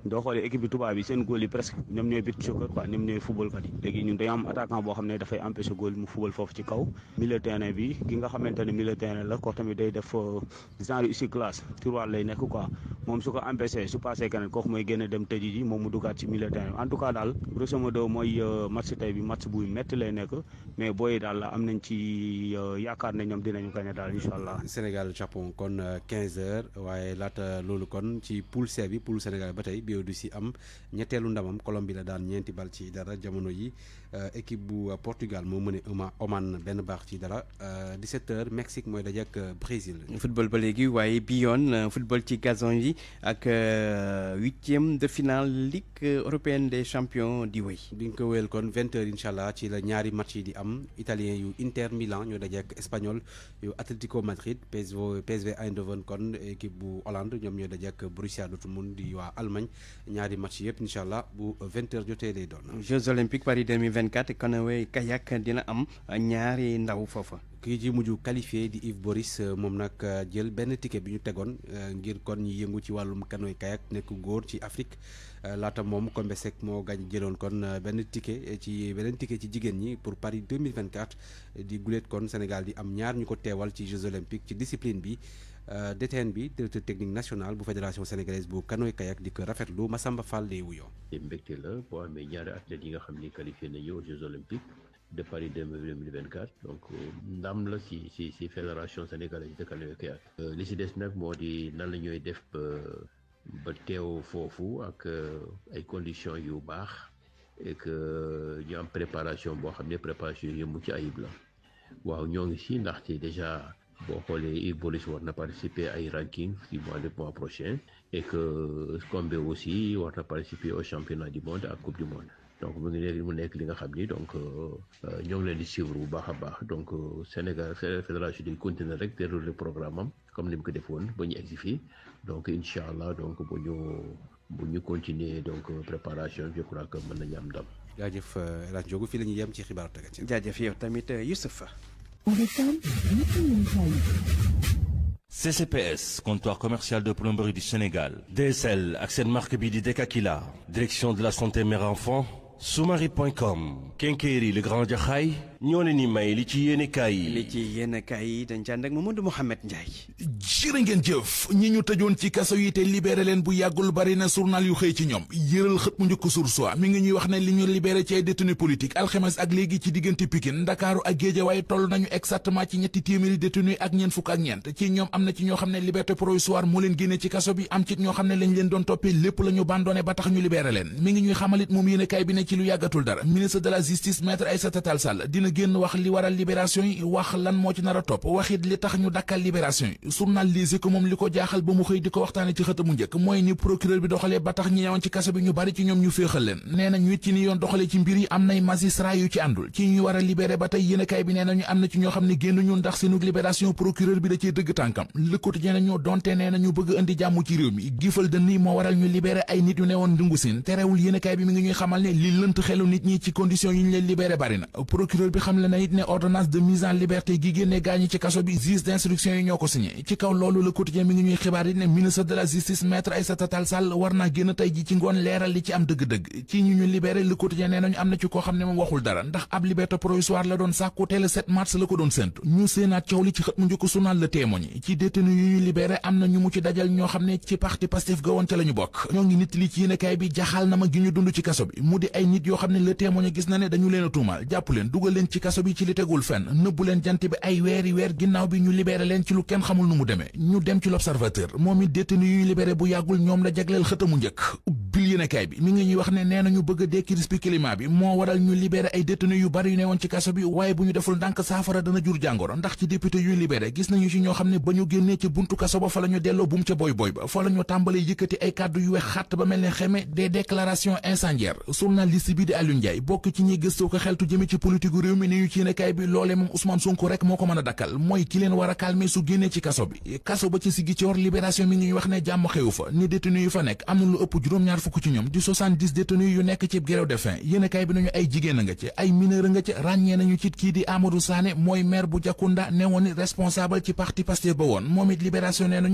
doo tubaab yi seen góol yi presque ñoom ñooy bit choqueur quoi ñoom ñooy football kat léegi ñun dañoo am attaquant boo xam ne dafay empêché góol mu football foofu ci kaw milieu terrain bi ki nga xamante ne terrain la ko tamit day def euh, genre ussi classe tiroir lay nekk quoi moom su ko empêché su passé keneen kooku mooy génn dem tëji ji moom mu dugaat ci milieu terrain en tout cas daal grosso modo mooy euh, match tey bi match buy métti lay nekk mais booyi daal la am nañ euh, ñetteelu ndamam Colombie la daan ñeenti bal ci dara jamono yi euh, équipe bu euh, Portugal moo mëne Oman benn baax ci dara 17h euh, Mexique mooy daje ak Brésil. football ba léegi waaye bi yoon football ci gazon yi ak huitième de finale ligue européenne des champions di wéy. di nga ko wéyal kon 20h incha allah ci la ñaari match yi di am italien yu Inter Milan ñoo daje ak espagnol yu Atlético Madrid PSV PSV Eindhoven kon équipe bu Hollande ñoom ñoo daje ak Borussia Dortmund di waa Allemagne yépp incha allah bu 20h jotee lay doon. Jeux olympiques Paris 2024 canoë kayak dina am ñaari ndaw foofa. kii ji mujj qualifié di Yves Boris euh, moom nag euh, jël benn ticket bi ñu tegoon euh, ngir kon ñi yëngu ci wàllum canoë kayak nekk góor ci Afrique laata moom Combesek moo gañ jëloon kon benn ticket ci beneen ticket ci jigéen ñi pour Paris 2024 di guléet kon Sénégal di am ñaar ñu ko teewal ci Jeux olympiques ci disipline bi. Euh, DTN bi directeur technique national bu fédération sénégalaise bu canoë kayak di ko rafetlu Massamba Fall lay wuyoo. te mbégte la boo amee ñaari athlètes yi nga xam ni qualifié nañu aux Jeux olympiques de Paris deux mille vingt quatre euh, la si si si fédération sénégalaise de canoë euh, li si des nag moo di nan la ñooy def ba ba teew foofu ak ay conditions yu baax et ñu am préparation boo xam ne préparation yu ci ayib la waaw ñoo ngi si ndaxte déjà. boo xoolee Ibolis war na participer ay ranking du mois de mois prochain e que Scombe aussi war na participer au championnat du monde ak coupe du monde donc mu nekk mu nekk li nga xam ni donc euh, ñoo leen di suivre bu baax a baax donc euh, Sénégal fédération di continuer rek dérouler programme am comme ni mu ko def woon ba ñu egsi fii donc incha allah donc bu ñu bu ñu continuer donc préparation je crois que mën nañu am ndam. jaajëf euh, El Hadj Ndiogou fii la ñuy yem ci xibaar tëgg ci. jaajëf yow tamit Youssouf. CCPS comptoir commercial de plomberie du Sénégal DSL ak seen marque bi di Dekakila direction de la santé mère enfant soumari.com Kenkeri le grand jaxaay ñoo leen ni may li ci yéene kaay yi. li ci yéene yi dañ ci ànd ak Mamadou Mouhamed Ndiaye. ngeen jëf ñi ñu tëjoon ci kaso yi te libéré leen bu yàggul bari na journal yu xëy ci ñoom yëral xët mu njëkk sur soi ngi ñuy wax ne li ñu libéré ci ay détenu politique alxemes ak léegi ci diggante Pikine Ndakaaru ak Géejawaay toll nañu exactement ci ñoom am na ci ñoo xam ne liberté provisoire moo leen génne ci kaso bi am ci ñoo xam ne lañ leen doon na génn wax li waral libération yi wax lan moo ci nar topp waxit li tax ñu dakkal libération yi journal Les Échos moom li ko jaaxal ba mu xëy di ko waxtaane ci xëtamu njëkk mooy ni procureur bi doxalee ba tax ñi newoon ci kaso bi ñu bari ci ñoom ñu féexal leen nee nañ it ci ni yoon doxalee ci mbir yi am nay magistrat ci àndul ci ñu war a libéré ba tey yéenekaay bi nee nañu am na ci ñoo xam ne génn ñu ndax seenu libération procureur bi da cee dëgg tànkam jàmm ci réew mi gifal dënni moo waral ñu libéré ay nit yu newoon ndungu seen bi mi ngi ñuy xamal ne li yi leen libéré bari na procureur bi xam na it ne ordonnance de mise liberté gi génne gaañi ci kaso bi juge d'instruction yi ñoo ko signé ci kaw loolu le quotidien mi ngi ñuy xibaar yi ne ministre de la justice maître Aïssata Tall Sall war naa génn tey ji ci ngoon leeral li ci am dëgg-dëgg ci ñu ñu libéré le quotidien nee nañu am na ci koo xam ne moom waxul dara ndax ab liberté provisoire la doon sàkku te le mars la ko doon séntu ñu séenaat coow li ci xët mu njëkk sunal le témoin ci détenu yu ci kaso bi ci li tegul fenn nëbbu leen jant bi ay weeri weer ginnaaw bi ñu libéré leen ci lu kenn xamul nu mu demee ñu dem ci l'observateur moom it détenu yu ñu libéré bu yàggul ñoom la jagleel xëtamu njëkk bil yéenekaay bi mi ngi ñuy wax ne nee nañu bëgg a dekki risque bi moo waral ñu libéré ay détenus yu bari yu ne woon ci kaso bi waaye bu ñu deful ndànk saafara dana jur jàngoro ndax ci député yuy libéré gis nañu ci ñoo xam ne ba ñu génnee ci buntu kaso ba fa la ñu delloo buum ca ba fa la ñu tàmbalee yëkkati ay kàddu yu wex xàtt ba mel ne mi ne ñu ci yéenekaay bi loole moom Ousmane Sonko rek moo ko mën dakkal mooy ki leen war su génnee ci kaso bi kaso ba ci Ziguinchor libération mi ñuy wax ne jàmm xewu fa ni détenus yu fa nekk am na ëpp juróom-ñaar fukk ci ñoom di 70 détenus nekk ci grève de faim bi nañu ay jigéen a nga ci ay mineur a nga ci ràññee nañu ci kii di Amadou Sané mooy maire bu Diakounda newoon responsable ci parti Pastef ba woon moom it libération nee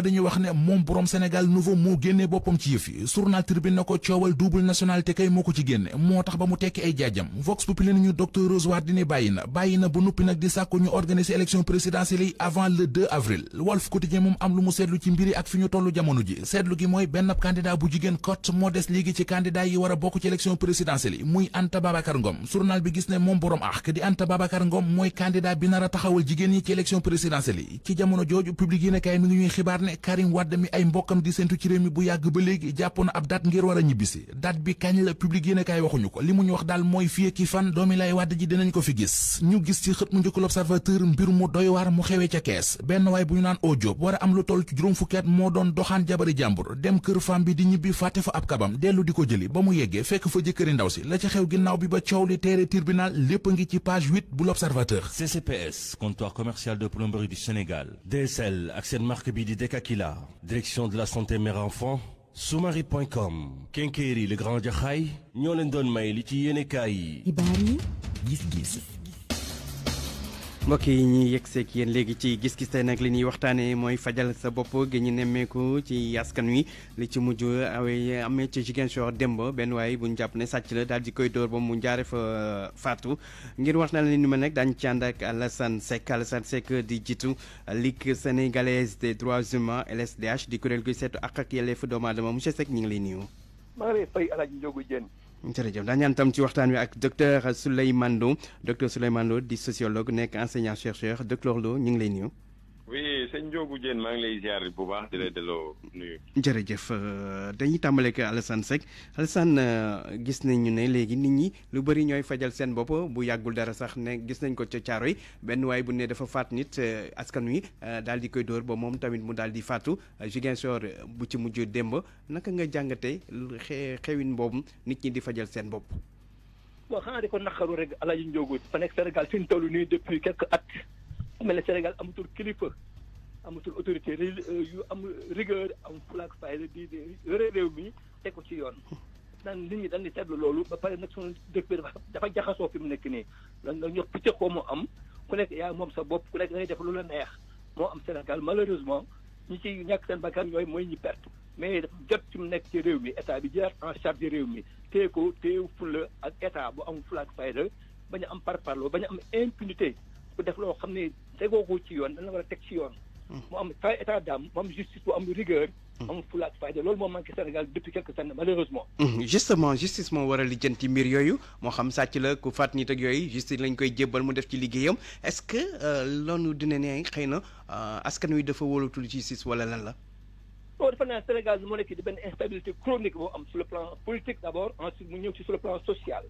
ba dañuy wax ne moom borom Sénégal nouveau moo génnee boppam ci yëf yi journal Tribune na ko coowal double nationalité kay moo ci génne moo tax ba mu tekki ay jaajam Vox Populi nañu docteur Rose Wardini bàyyi bàyyi na ba nuppi nag di sàkku ñu organiser élection présidentielle yi avant le avril Walf Quotidien moom am lu mu seetlu ci mbiri ak fi ñu toll jamono ji seetlu gi mooy benn candidat bu jigéen cote moo des ci candidat yi war bokk ci élection ne Karim Wade mi ay mbokkam di séntu ci réew mi bu yàgg ba léegi na ab date ngir war ñibbisi date bi kañ la public yéen kaay waxuñu ko li mu ñu wax daal mooy fii fan doomi lay Wade ji dinañ ko fi gis ñu gis ci xët mu njëkk l'Observateur mbir mu doy waar mu xewee ca kees benn waay bu ñu naan oo war a am lu toll ci juróom fukki at moo doon doxaan jabari jàmbur dem kër femme bi di ñibbi fàtte fa ab kabam dellu di ko jëli ba mu yeggee fekk fa a bi Kakila. Direction de la santé mère-enfant. sumari.com. Kenkeri le grand jaxaay ñoo leen doon may li ci yéene kaay yi. xibaar yi mbokk yi ñu ñuy yegseeg yéen léegi ci gis-gis tey nag li ñuy waxtaanee mooy fajal sa bopp gi ñu nemmeeku ci askan wi li ci mujj awee amee ci Ziguinchor démb benn waaye bu ñu jàpp ne sàcc la daal di koy dóor ba mu njaare fa faatu ngir waxtaan li ni ma nekk daañu ci ànd ak Alassane Seck Alassane Seck di jiitu Ligue sénégalaise des droits humains LSDH di kuréel gi seetu ak ak yelleefu doomu aadama monsieur Seck ñu ngi lay niiw jërëjëf daa ñaan tam ci waxtaan wi ak docteur Souleymane Lo docteur Souleymane Lo di sociologue nekk enseignant chercheur docteur Lo ñu ngi lay nuyu. oui sëñ Ndiogou Diène maa ngi lay ziar bu baax di la delloo nuyu. jërëjëf euh, dañuy tàmbale ak Alassane Seck Alassane euh, gis nañu ne léegi nit ñi lu bëri ñooy fajal seen bopp bu yàggul dara sax ne gis nañ ko ca caaro yi benn waay bu ne dafa faat nit euh, askan wi daal di koy dóor ba moom tamit mu daal di faatu Ziguinchor bu ci mujj démb naka nga jàngatee xewin boobu nit ñi di fajal seen bopp. waaw xanaa di ko naqaru rek El Hadj Ndiogou fa nekk Sénégal fi nii depuis mel ne Sénégal amatul kilifa amatul autorité euh, yu am rigueur am flag fayda di yore réew mi te ko ci yoon naan nit ñi dañ di seetlu loolu ba pare nag suñu dëkk bi dafa jaxasoo fi mu nekk nii lan nga ñox picc ko mu am ku nekk yaa moom sa bopp ku nekk dangay def lu la neex moo am Sénégal malheureusement ñi ci ñàkk seen bakkan yooyu mooy ñi perte mais dafa jot ci mu nekk ci réew mi état bi jaar en charge réew mi téye ko téye fulla ak état bu am flag fayda bañ a am parparloo bañ a am impunité def loo xam ne tegoo ko ci yoon dañ la war a teg ci yoon hmm. mu am fa état d'âme mu am justice bu am rigueur hmm. am fulla ak fayda loolu moo manqué Sénégal depuis quelques années malheureusement hmm. justement justice moo war a lijjanti mbir yooyu moo xam sàcc la ku faat nit ak yooyu justice lañ koy jébbal mu def ci liggéeyam est-ce que euh, loolu dina ne xëy na euh, askan wi dafa wóolatul justice wala lan la bon dafa naa Sénégal moo nekk di benn instabilité chronique boo am sur le plan politique d'abord ensuite mu social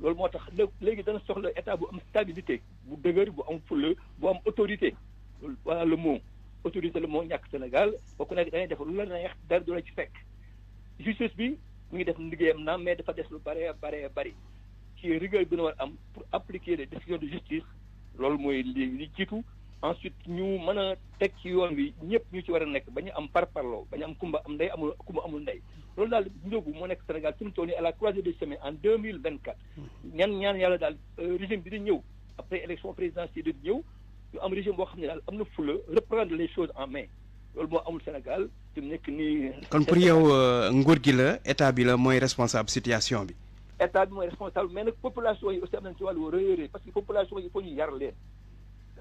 loolu moo tax léegi dana soxla état bu am stabilité bu dëgër bu am fulla bu am autorité loolu voilà moom autorité la moo ñàkk Sénégal boo ku nekk da ngay def lu la neex dara du la ci fekk justice bi mu ngi def liggéeyam naam mais dafa des lu bare bare bari ci rigueur bi na am pour appliquer les décisions de justice loolu mooy li li jiitu ensuite ñu mën a teg ci yoon wi ñëpp ñu ci war a nekk ba ñu am parparloo ba ñu am kumba am ndey amul kumba amul ndey loolu daal njóobu moo nekk Sénégal fi mu toll nii à la croisée des en deux mille vingt quatre ñaan ñaan yàlla daal euh, régime bi di ñëw après élection présidentielle di ñëw ñu am régime boo xam ne daal am na fula reprendre les choses en main loolu moo amul Sénégal fi mu nekk nii. kon pour yow euh, nguur gi la état bi la mooy responsable situation bi. état bi mooy responsable mais nag population yi aussi am nañ ci wàllu réeré parce que population yi foo ñu yar leen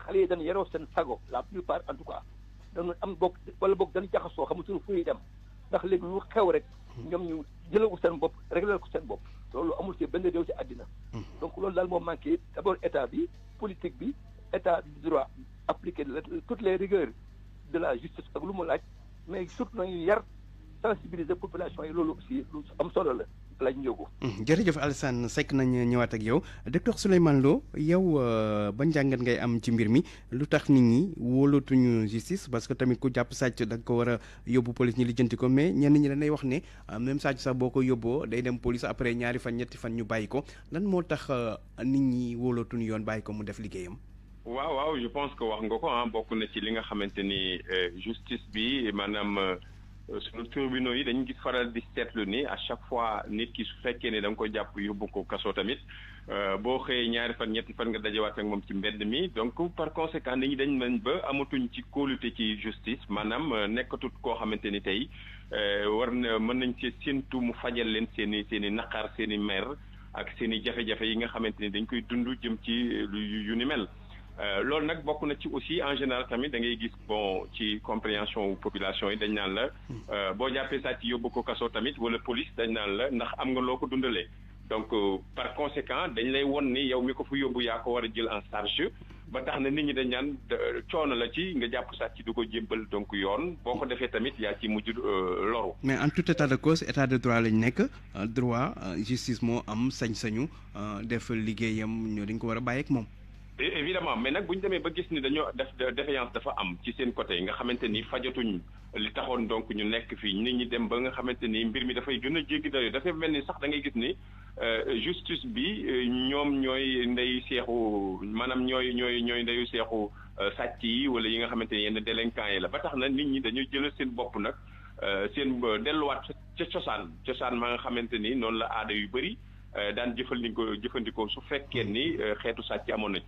xale yi dañu yaroo la plupart en tout cas dañu am bokk wala bokk dañu jaxasoo xamatuñu fu ñuy dem. ndax léegi lu xew rek ñoom ñu jëlal ko seen bopp réglal ku seen bopp loolu amul ci benn réew ci àddina mhm. donc loolu daal moom manqué d'abord état bi politique bi état du droit appliqué toutes les rigueurs de la justice ak lu mu laaj mais surtout nañu yar sensibiliser population yi loolu aussi lu am solo la lañ yóbbu. Hmm, jërëjëf Alassane sekk nañ ñëwaat ak yow docteur Souleymane Lo yow euh, ba njàngat ngay am ci mbir mi lu tax nit ñi wóolootuñu justice parce que tamit ku jàpp sàcc da ko war a yóbbu police ñi lijjanti ko mais ñenn ñi dañuy wax ne euh, même sàcc sax boo ko yóbboo day dem police après ñaari fan ñetti fan ñu bàyyi ko lan moo tax euh, nit ñi wóolootuñu yoon bàyyi ko mu def liggéeyam. waaw waaw je pense que wax nga ko ah bokk na ci li nga xamante ni justice bi maanaam. Euh, sunu tribunaux yi dañu gis faral di seetlu ni à chaque fois nit ki su fekkee ne da nga ko jàpp yóbbu ko kaso tamit euh, boo xëyee ñaari fan ñetti fan nga dajawaat ak moom ci mbedd mi donc par conséquent nit ñi dañ mën ba amatuñ ci kóolute ci justice maanaam euh, nekkatut koo xamante ni tey war na mën nañ ci séentu mu fajal leen seen i seen i naqar seen mer ak seen i jafe-jafe yi nga xamante ni dañ koy dund jëm ci yu ni mel. Euh, loolu nag bokk na ci aussi en général tamit da ngay gis bon ci compréhension population yi dañ naan la euh, boo jàppee sàcc yóbbu ko kaso tamit wala police dañ naan la ndax am nga loo ko dundalee donc euh, par conséquent dañ lay won ni yow mi ko fu yóbbu yaa ko war a jël en charge ba tax na nit ñi dañ naan coono la ci nga jàpp sàcc du ko jébbal donc yoon boo ko defee tamit yaa ci mujj loru. mais en tout état de cause état de droit lañ nekk droit justice am sañ-sañu def liggéeyam ñoo dañ ko war a bàyyi moom. E, évidemment mais nag bu ñu demee ba gis ni dañoo def défaillance dafa am ci seen côté nga xamante ni fajatuñ li taxoon donc ñu nekk fii nit ñi dem ba nga xamante ni mbir mi dafay gën a jéggi dayo dafay mel ni sax da ngay gis ni euh, justice bi euh, ñoom ñooy ndeyu seexu maanaam ñooy ñooy ñooy ndeyu seexu euh, sàcc yi wala yi nga xamante ni yenn delenkaan yi la ba tax na nit ñi dañoo jëlal seen bopp nag seen delluwaat ca cosaan cosaan ma nga xamante ni noonu la aada yu bëri daan jëfandikoo jëfandikoo su fekkee ni xeetu sàcc amoon na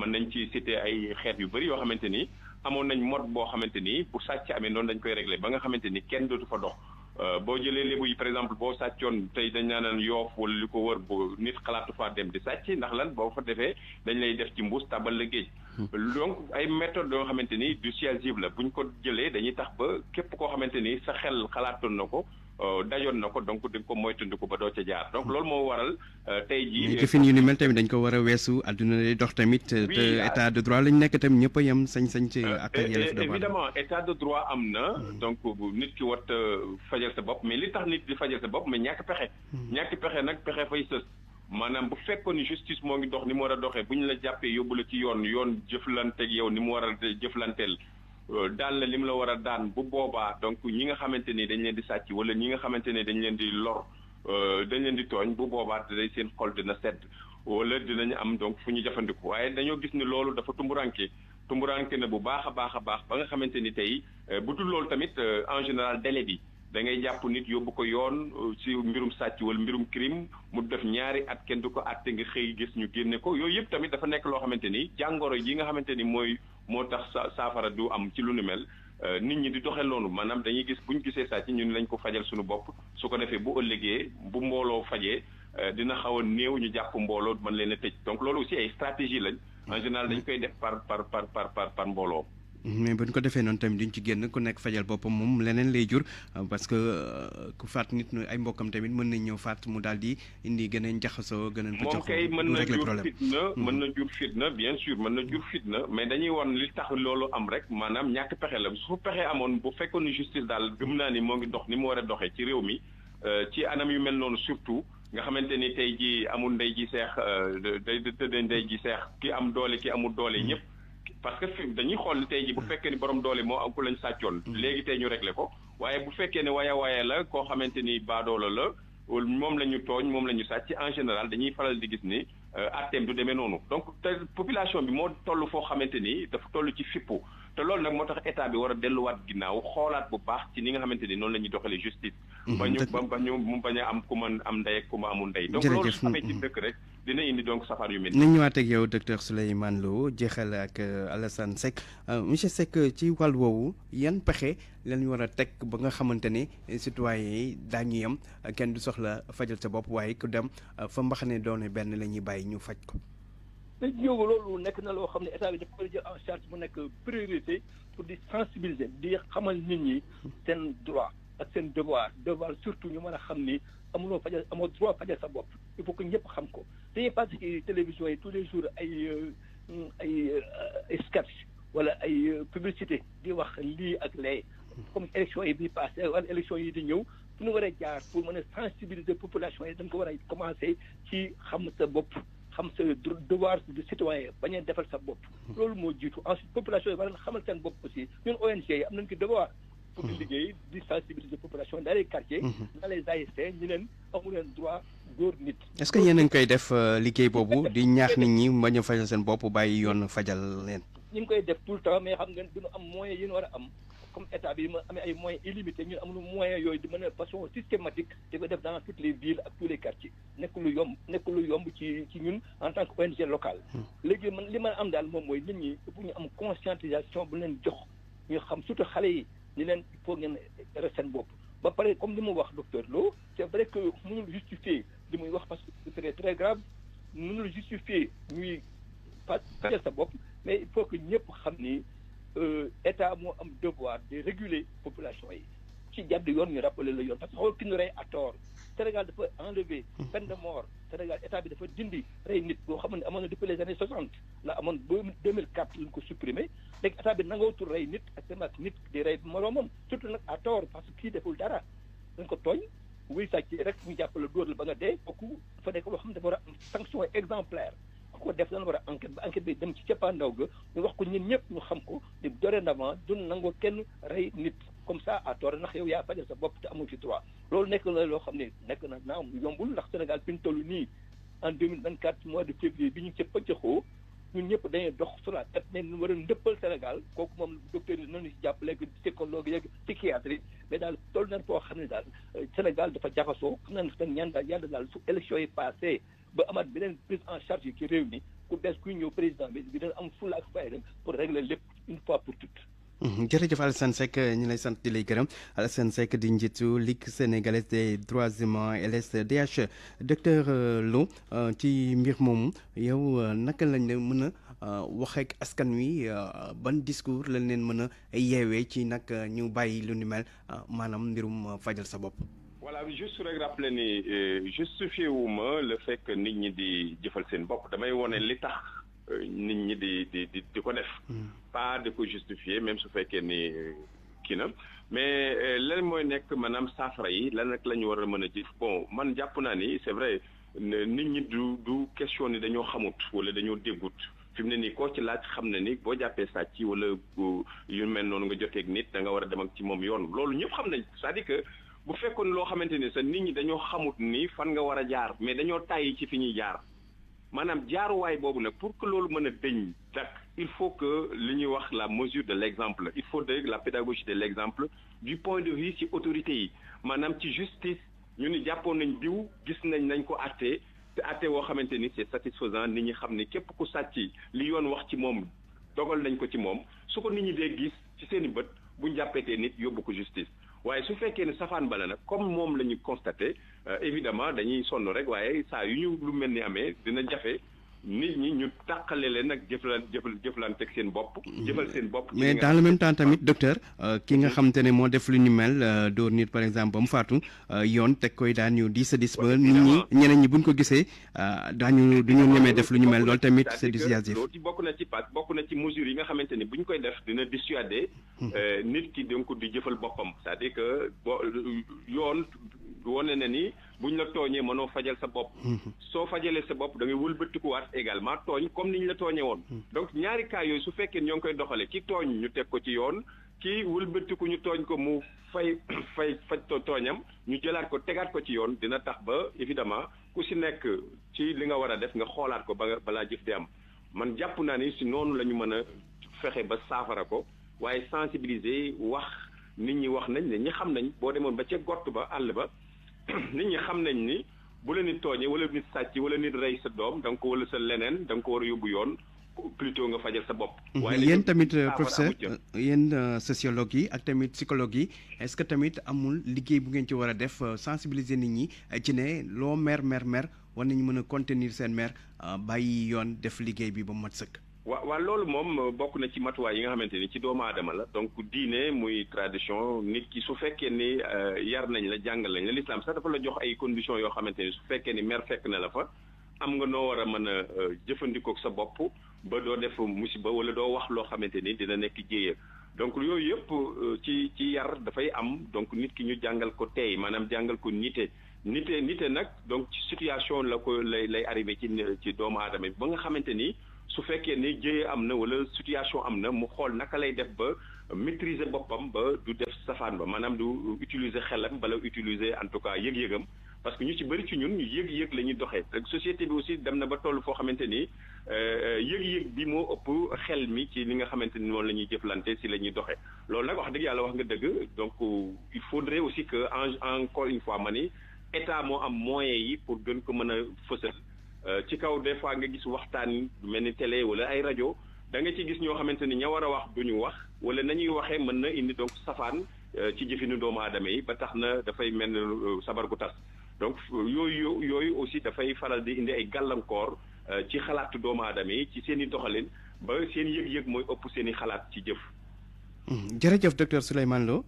mën nañ ci citer ay xeet yu bari yoo xamante ni amoon nañ mode boo xamante ni bu sàcc amee noonu dañ koy régler ba nga xamante ni kenn dootu fa dox euh, boo jëlee lébu yi par exemple boo sàccoon tey dañ naan yoof wala li ko wër bu nit xalaatu faa dem di sàcc ndax lan boo fa defee dañ lay def ci mbuus tàbbal la géej hmm. donc ay méthode yoo xamante ni du siège la bu ko jëlee dañuy tax ba képp koo xamante ni sa xel xalaatoon na ko Euh, dajoon na ko donc di nga ko moytandiku ba doo ca jaar donc hmm. loolu moo waral euh, tey jii jëfin yu ni mel tamit dañ ko war a weesu àdduna lay dox tamit te ah. état de droit lañ nekk tamit ñëpp a sañ-sañ ci euh, ak yelleef évidemment état de droit am na hmm. donc nit ki wat fajal sa bopp mais li tax nit di fajal sa bopp mais ñàkk pexe hmm. ñàkk pexe nag pexe fay sës maanaam bu fekkoon justice moo ngi dox ni mu war a doxee bu ñu la jàppee yóbbu la ci yoon yoon jëflanteeg yow ni mu war a jëflanteel Euh, daan la li mu la war a daan bu boobaa donc ñi nga xamante ni dañ leen di sàcc wala ñi nga xamante ni dañ leen di lor euh, dañ leen di tooñ bu boobaa day seen xol dina sedd wala dinañ am donc fu ñu jafandiku waaye dañoo gis ni loolu dafa tumburanke tumburanke na bu baax a baax a baax ba nga xamante ni tey euh, bu dul loolu tamit en général délai bi da ngay jàpp nit yóbbu ko yoon ci mbirum sàcc wala mbirum crime mu def ñaari at kenn du ko ate nga xëy gis ñu génne ko yooyu yëpp tamit dafa nekk loo xamante ni jàngoro yi nga xamante ni mooy moo tax sa saafara du am ci lu ni mel euh, nit ñi di doxee loolu maanaam dañuy gis bu ñu gisee sàcc ñun lañ ko fajal suñu bopp su ko defee bu ëllëgee bu mbooloo fajee euh, dina xaw néew ñu jàpp mbooloo mën leen a tëj donc loolu aussi ay stratégie lañ en hmm. général dañ koy def par par par par par mbooloo mais bu ñu ko defee noonu tamit duñ ci génn ku nekk fajal boppam moom leneen lay jur parce que euh, ku faat nit ñu ay mbokkam tamit mën nañ ñëw faat mu daal di indi gëneen jaxasoo gëneen pëcc moom kay mën na jur fitna mm-hmm. mën na jur fitna bien sûr mën na jur fitna mais dañuy wan li tax loolu am rek maanaam ñàkk pexe la su pexee amoon bu fekkoon ni justice daal gëm naa ni moo ngi dox ni mu war a doxee ci réew mi euh, ci anam yu mel noonu surtout nga xamante ni tey ji amul ndey ji seex day euh, tëddee ndey ji seex ki am doole ki amul doole mm-hmm. ñëpp parce que fi dañuy xool ni tey ji bu hmm. fekkee ni borom doole moo am ku lañ sàccoon hmm. léegi tey ñu réglé ko waaye bu fekkee ne waya waya la koo xamante ni baadoola la moom la ñu tooñ moom la ñu sàcc en général dañuy faral di gis ni atteem euh, du demee noonu donc te population bi moo toll foo xamante ni dafa toll ci fippu te loolu nag moo tax état bi war a delluwaat ginnaaw xoolaat bu baax ci ni nga xamante ni noonu la ñuy doxalee justice hmm, ba ñu ba ñu mu bañ am ku mën am ndey ku ma amul ndey donc loolu amee ci dëkk rek dina indi donc safar yu mel. nañ ñëwaat ak yow docteur Souleymane Lo jeexal ak euh, Alassane Seck euh, monsieur Seck ci wall woowu yan pexe lañ war a teg ba nga xamante ne euh, citoyen yi daañu yem kenn du soxla fajal sa bopp waaye ku dem fa mbaxane doone benn lañuy bàyyi ñu faj ko. te ñëw loolu nekk na loo xam ne état bi dafa war a en charge mu nekk priorité pour di sensibiliser di xamal nit ñi seen droit ak seen devoir devoir surtout ñu mën a xam ni. amuloo fajal amoo droit fajal sa bopp il faut que ñëpp xam ko dañuy passé ci télévision yi tous les jours ay euh, ay euh, ay sketch wala ay euh, publicité di wax lii ak lee comme élection yi bi passé wala élection yi di ñëw fu ñu war jaar pour mën a sensibiliser population yi dañ ko war a commencé ci xam sa bopp xam sa devoir de citoyen bañ a defal sa bopp hmm. loolu moo jiitu ensuite population yi war a xamal seen bopp aussi ñun ONG yi am nañ ci devoir pour di liggéey di sensibiliser population dans les quartiers. dans les ASC ñu leen amu leen droit dóor nit. est-ce que yéen a koy def euh, liggéey boobu di ñaax nit ñi bañ a fajal seen bopp bàyyi yoon fajal leen. ñu ngi koy def tout le temps mais xam ngeen duñu am moyens yi ñu war a am comme état bi ma amee ay moyens illimités am lu moyens yooyu di mën a façon systématique di ko def dans toutes les villes ak tous les quartiers nekk lu yomb nekk lu yomb ci ci ñun en tant que ONG locale. léegi man li ma am daal moom mooy nit ñi bu ñu am conscientisation bu leen jox ñu xam surtout xale yi. ni leen il faut ngeen res seen bopp ba pare comme li mu wax docteur loo c' est vrai que mënul justifier li muy wax parce que c' est très grave mënul justifier ñuy fajal sa bopp mais il faut que ñëpp xam ni euh, état moo am devoir de réguler population yi ci jàdd yoon ñu rappeler la yoon parce que xool ki ñu rey à tort Sénégal dafa enlevé peine de mort Sénégal état bi dafa dindi rey nit boo xam ne amoon na depuis les années soixante la amoon ba deux mille quatre lañ ko supprimé léegi état bi nangootul rey nit ak seen nit di rey moroomam surtout dara dañ ko tooñ wuy sàcc rek ñu jàppale dóor la ba nga dee kooku dafa nekk loo xam ne dafa war a am sanction exemplaire ko def dana war a enquête ba enquête bi dem ci cappaandaw ga ñu wax ko ñun ñëpp ñu xam ko di dorénavant dun nangoo kenn rey nit comme ça à tort ndax yow yaa fajal sa bopp te amu ci loolu nekk na loo xam ne nekk na naam yombul nax Sénégal fi ñu toll nii en deux mille vingt quatre mois de février bi ñu ca pëccëxoo ñun ñëpp dañuy dox sur la tête ne ñu war a Sénégal kooku moom docteur yi noonu si jàppale que psychologue yeeg psychiatre yi mais daal toll nañ foo xam ne daal euh, Sénégal dafa jaxasoo xam nañ dañ ñaan daal yàlla daal su élection yi passé ba amaat beneen prise en charge yi ci réew mi ku bees kuy ñëw président bi dina am fulla ak fayda pour régler lépp une fois pour toutes Mhm. jërëjëf Alassane Seck ñu lay sant di lay gërëm Alassane Seck di njiitu Ligue sénégalaise des droits humains LSDH docteur euh, Lo euh, ci mbir moomu yow euh, naka lañ leen mën a waxee ak askan wi ban discours lañ leen mën a yeewee ci nag ñu bàyyi lu ni mel maanaam mbirum fajal sa bopp. voilà juste rek rappeler ni justifié wu ma le nit ñi di jëfal seen bopp damay wone li tax. nit ñi di di di di ko def. Hmm. pas di ko justifier même su fekkee ni euh, kii na mais euh, lan mooy nekk maanaam saafara yi lan nag la ñu war a mën a ji bon man jàpp naa ni c'est vrai nit ñi du du question ni dañoo xamut wala dañoo déggut fi mu ne nii koo ci laaj xam ne ni boo jàppee sàcc wala euh, yu mel noonu nga joteeg nit da nga war a dem ak ci moom yoon loolu ñëpp xam nañ saa di que bu fekkoon loo xamante ni sa nit ñi dañoo xamut nii fan nga war a jaar mais dañoo tàyyi ci fi ñuy jaar. maanaam jaaruwaay boobu nag pour que loolu mën a dëñ dakk il faut que li ñuy wax la mesure de l'exemple il faut de la pédagogie de l'exemple du point de vue ci autorité yi maanaam ci justice ñu ni jàppoon nañ diw gis nañ nañ ko àttee te àttee woo xamante ni c'est satisfaisant ni ñi xam ni képp ku sàcc li yoon wax ci moom dogal nañ ko ci moom su ko nit ñi dee gis ci seen i bët buñ jàppetee nit yóbbu ko justice waaye su fekkee ne safaan bala nag comme moom la ñu constaté Euh, évidemment dañuy sonn rek waaye saa yu ñu lu mel ni amee dina jafe nit ñi ñu tàqale leen nag jëflan jëfal jëflanteeg seen bopp. jëfal seen bopp. mais dans le même temps tamit docteur. Euh, ki nga xam te ne moo def lu ñu mel euh, dóor nit par exemple ba mu faatu euh, yoon teg koy daan yu diis a diis ba nit ñi ñeneen ñi buñ ko gisee daañu du ñu ñemee def lu ñu mel loolu tamit c'est dissuasif. loolu ci bokk na ci pat bokk na ci mesure yi nga xamante ni buñ koy def dina dissuader. Hmm. nit ki donc di jëfal boppam cest à que bo yoon wone na ni. bu ñu la tooñee mënoo fajal sa bopp. Hmm. soo fajalee sa bopp da ngay wëlbatikuwaat également tooñ comme ñu la tooñee woon. Hmm. donc ñaari cas yooyu su fekkee ñoo koy doxalee ci tooñ ñu teg ko ci yoon. kii wëlbatiku ñu tooñ ko mu fay fay faj tooñam ñu jëlaat ko tegaat ko ci yoon dina tax ba évidemment ku si nekk ci li nga war a def nga xoolaat ko ba nga balaa jëf di am man jàpp naa ni si noonu la ñu mën a fexe ba saafara ko waaye sensibiliser wax nit ñi wax nañ ne xam nañ boo demoon ba ca gott ba àll ba. nit ñi xam nañ ni bu la nit tooñee wala nit sàcc wala nit rey sa doom da ko wala sa leneen da nga ko war a yóbbu yoon plutôt nga fajal sa bopp. Mhm. waaye yéen tamit euh, professeur euh, yéen euh, sociologue yi ak tamit psychologue yi est-ce que tamit amul liggéey bu ngeen ci war a def sensibiliser nit ñi ci ne loo mer mer mer war nañu mën a contenir seen mer bàyyi yoon def liggéey bi ba mu mat sëkk. waa waaw loolu moom bokk na ci matuwaay yi nga xamante ni ci doomu aadama la donc diine muy tradition nit ki su fekkee ni euh, yar nañ la jàngal nañ la lislaam sax dafa la jox ay conditions yoo xamante ni su fekkee ni na la fa am nga noo war a mën a euh, jëfandikook sa bopp ba doo def musiba wala doo wax loo xamante ni dina nekk jéeya donc yooyu yëpp euh, ci ci yar dafay am donc nit ki ñu jàngal ko tey maanaam jàngal ko nite nite nite nag donc ci situation la ko lay lay arrivé ci ci doomu aadama bi ba nga xamante ni su fekkee ni jëye am na wala situation am na mu xool naka lay def ba maitriser boppam ba du def safaan ba maanaam du utiliser xelam bala utiliser en tout cas yëg-yëgam parce que ñu ci bëri ci ñun ñu yëg la lañuy doxee société bi aussi dem na ba toll foo xamante ni euh, yëg-yëg bi moo ëpp xel mi ci li nga xamante ni noonu la ñuy jëflante si la ñuy doxee loolu nag wax dëgg yàlla wax nga dëgg donc il faudrait aussi que en encore une fois ma ni état moo am moyens pour gën ko mën a fësal Euh, ci kaw des fois nga gis waxtaan mel ni télé wala ay rajo da nga ci gis ñoo xamante ni ña war a wax du ñu wax wala nañuy waxee mën na indi donc safaan euh, ci jëfinu doomu adama yi ba tax na dafay mel ne euh, sabar gu tas donc yooyu yooyu aussi dafay faral di indi ay gàllankoor ci xalaatu doomu aadama yi ci seen i doxalin ba seen yëg-yëg mooy ëpp seen i xalaat ci jëf. Hmm. jërëjëf docteur Souleymane Lo.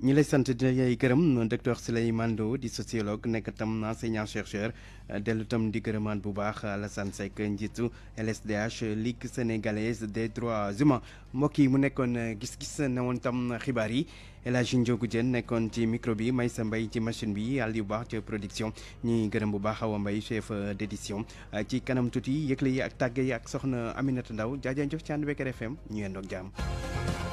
ñi lay sant di lay gërëm docteur lay mando di sociologue nekk tam enseignant chercheur dellu tam di gërëmaat bu baax Alassane Seck njiitu LSDH Ligue sénégalaise des droits humains mbokk yi mu nekkoon gis-gis ne woon tam xibaar yi El Hadj Ndiogou nekkoon ci micro bi sa mbay ci machine bi yu baax ci production ñuy gërëm bu baax Awa mbay chef d' édition ci kanam tuuti yëgle yi ak tàgge yi ak soxna Aminata Ndaw jaajëf ci ànd beeg RFM ñu yendoog jàmm.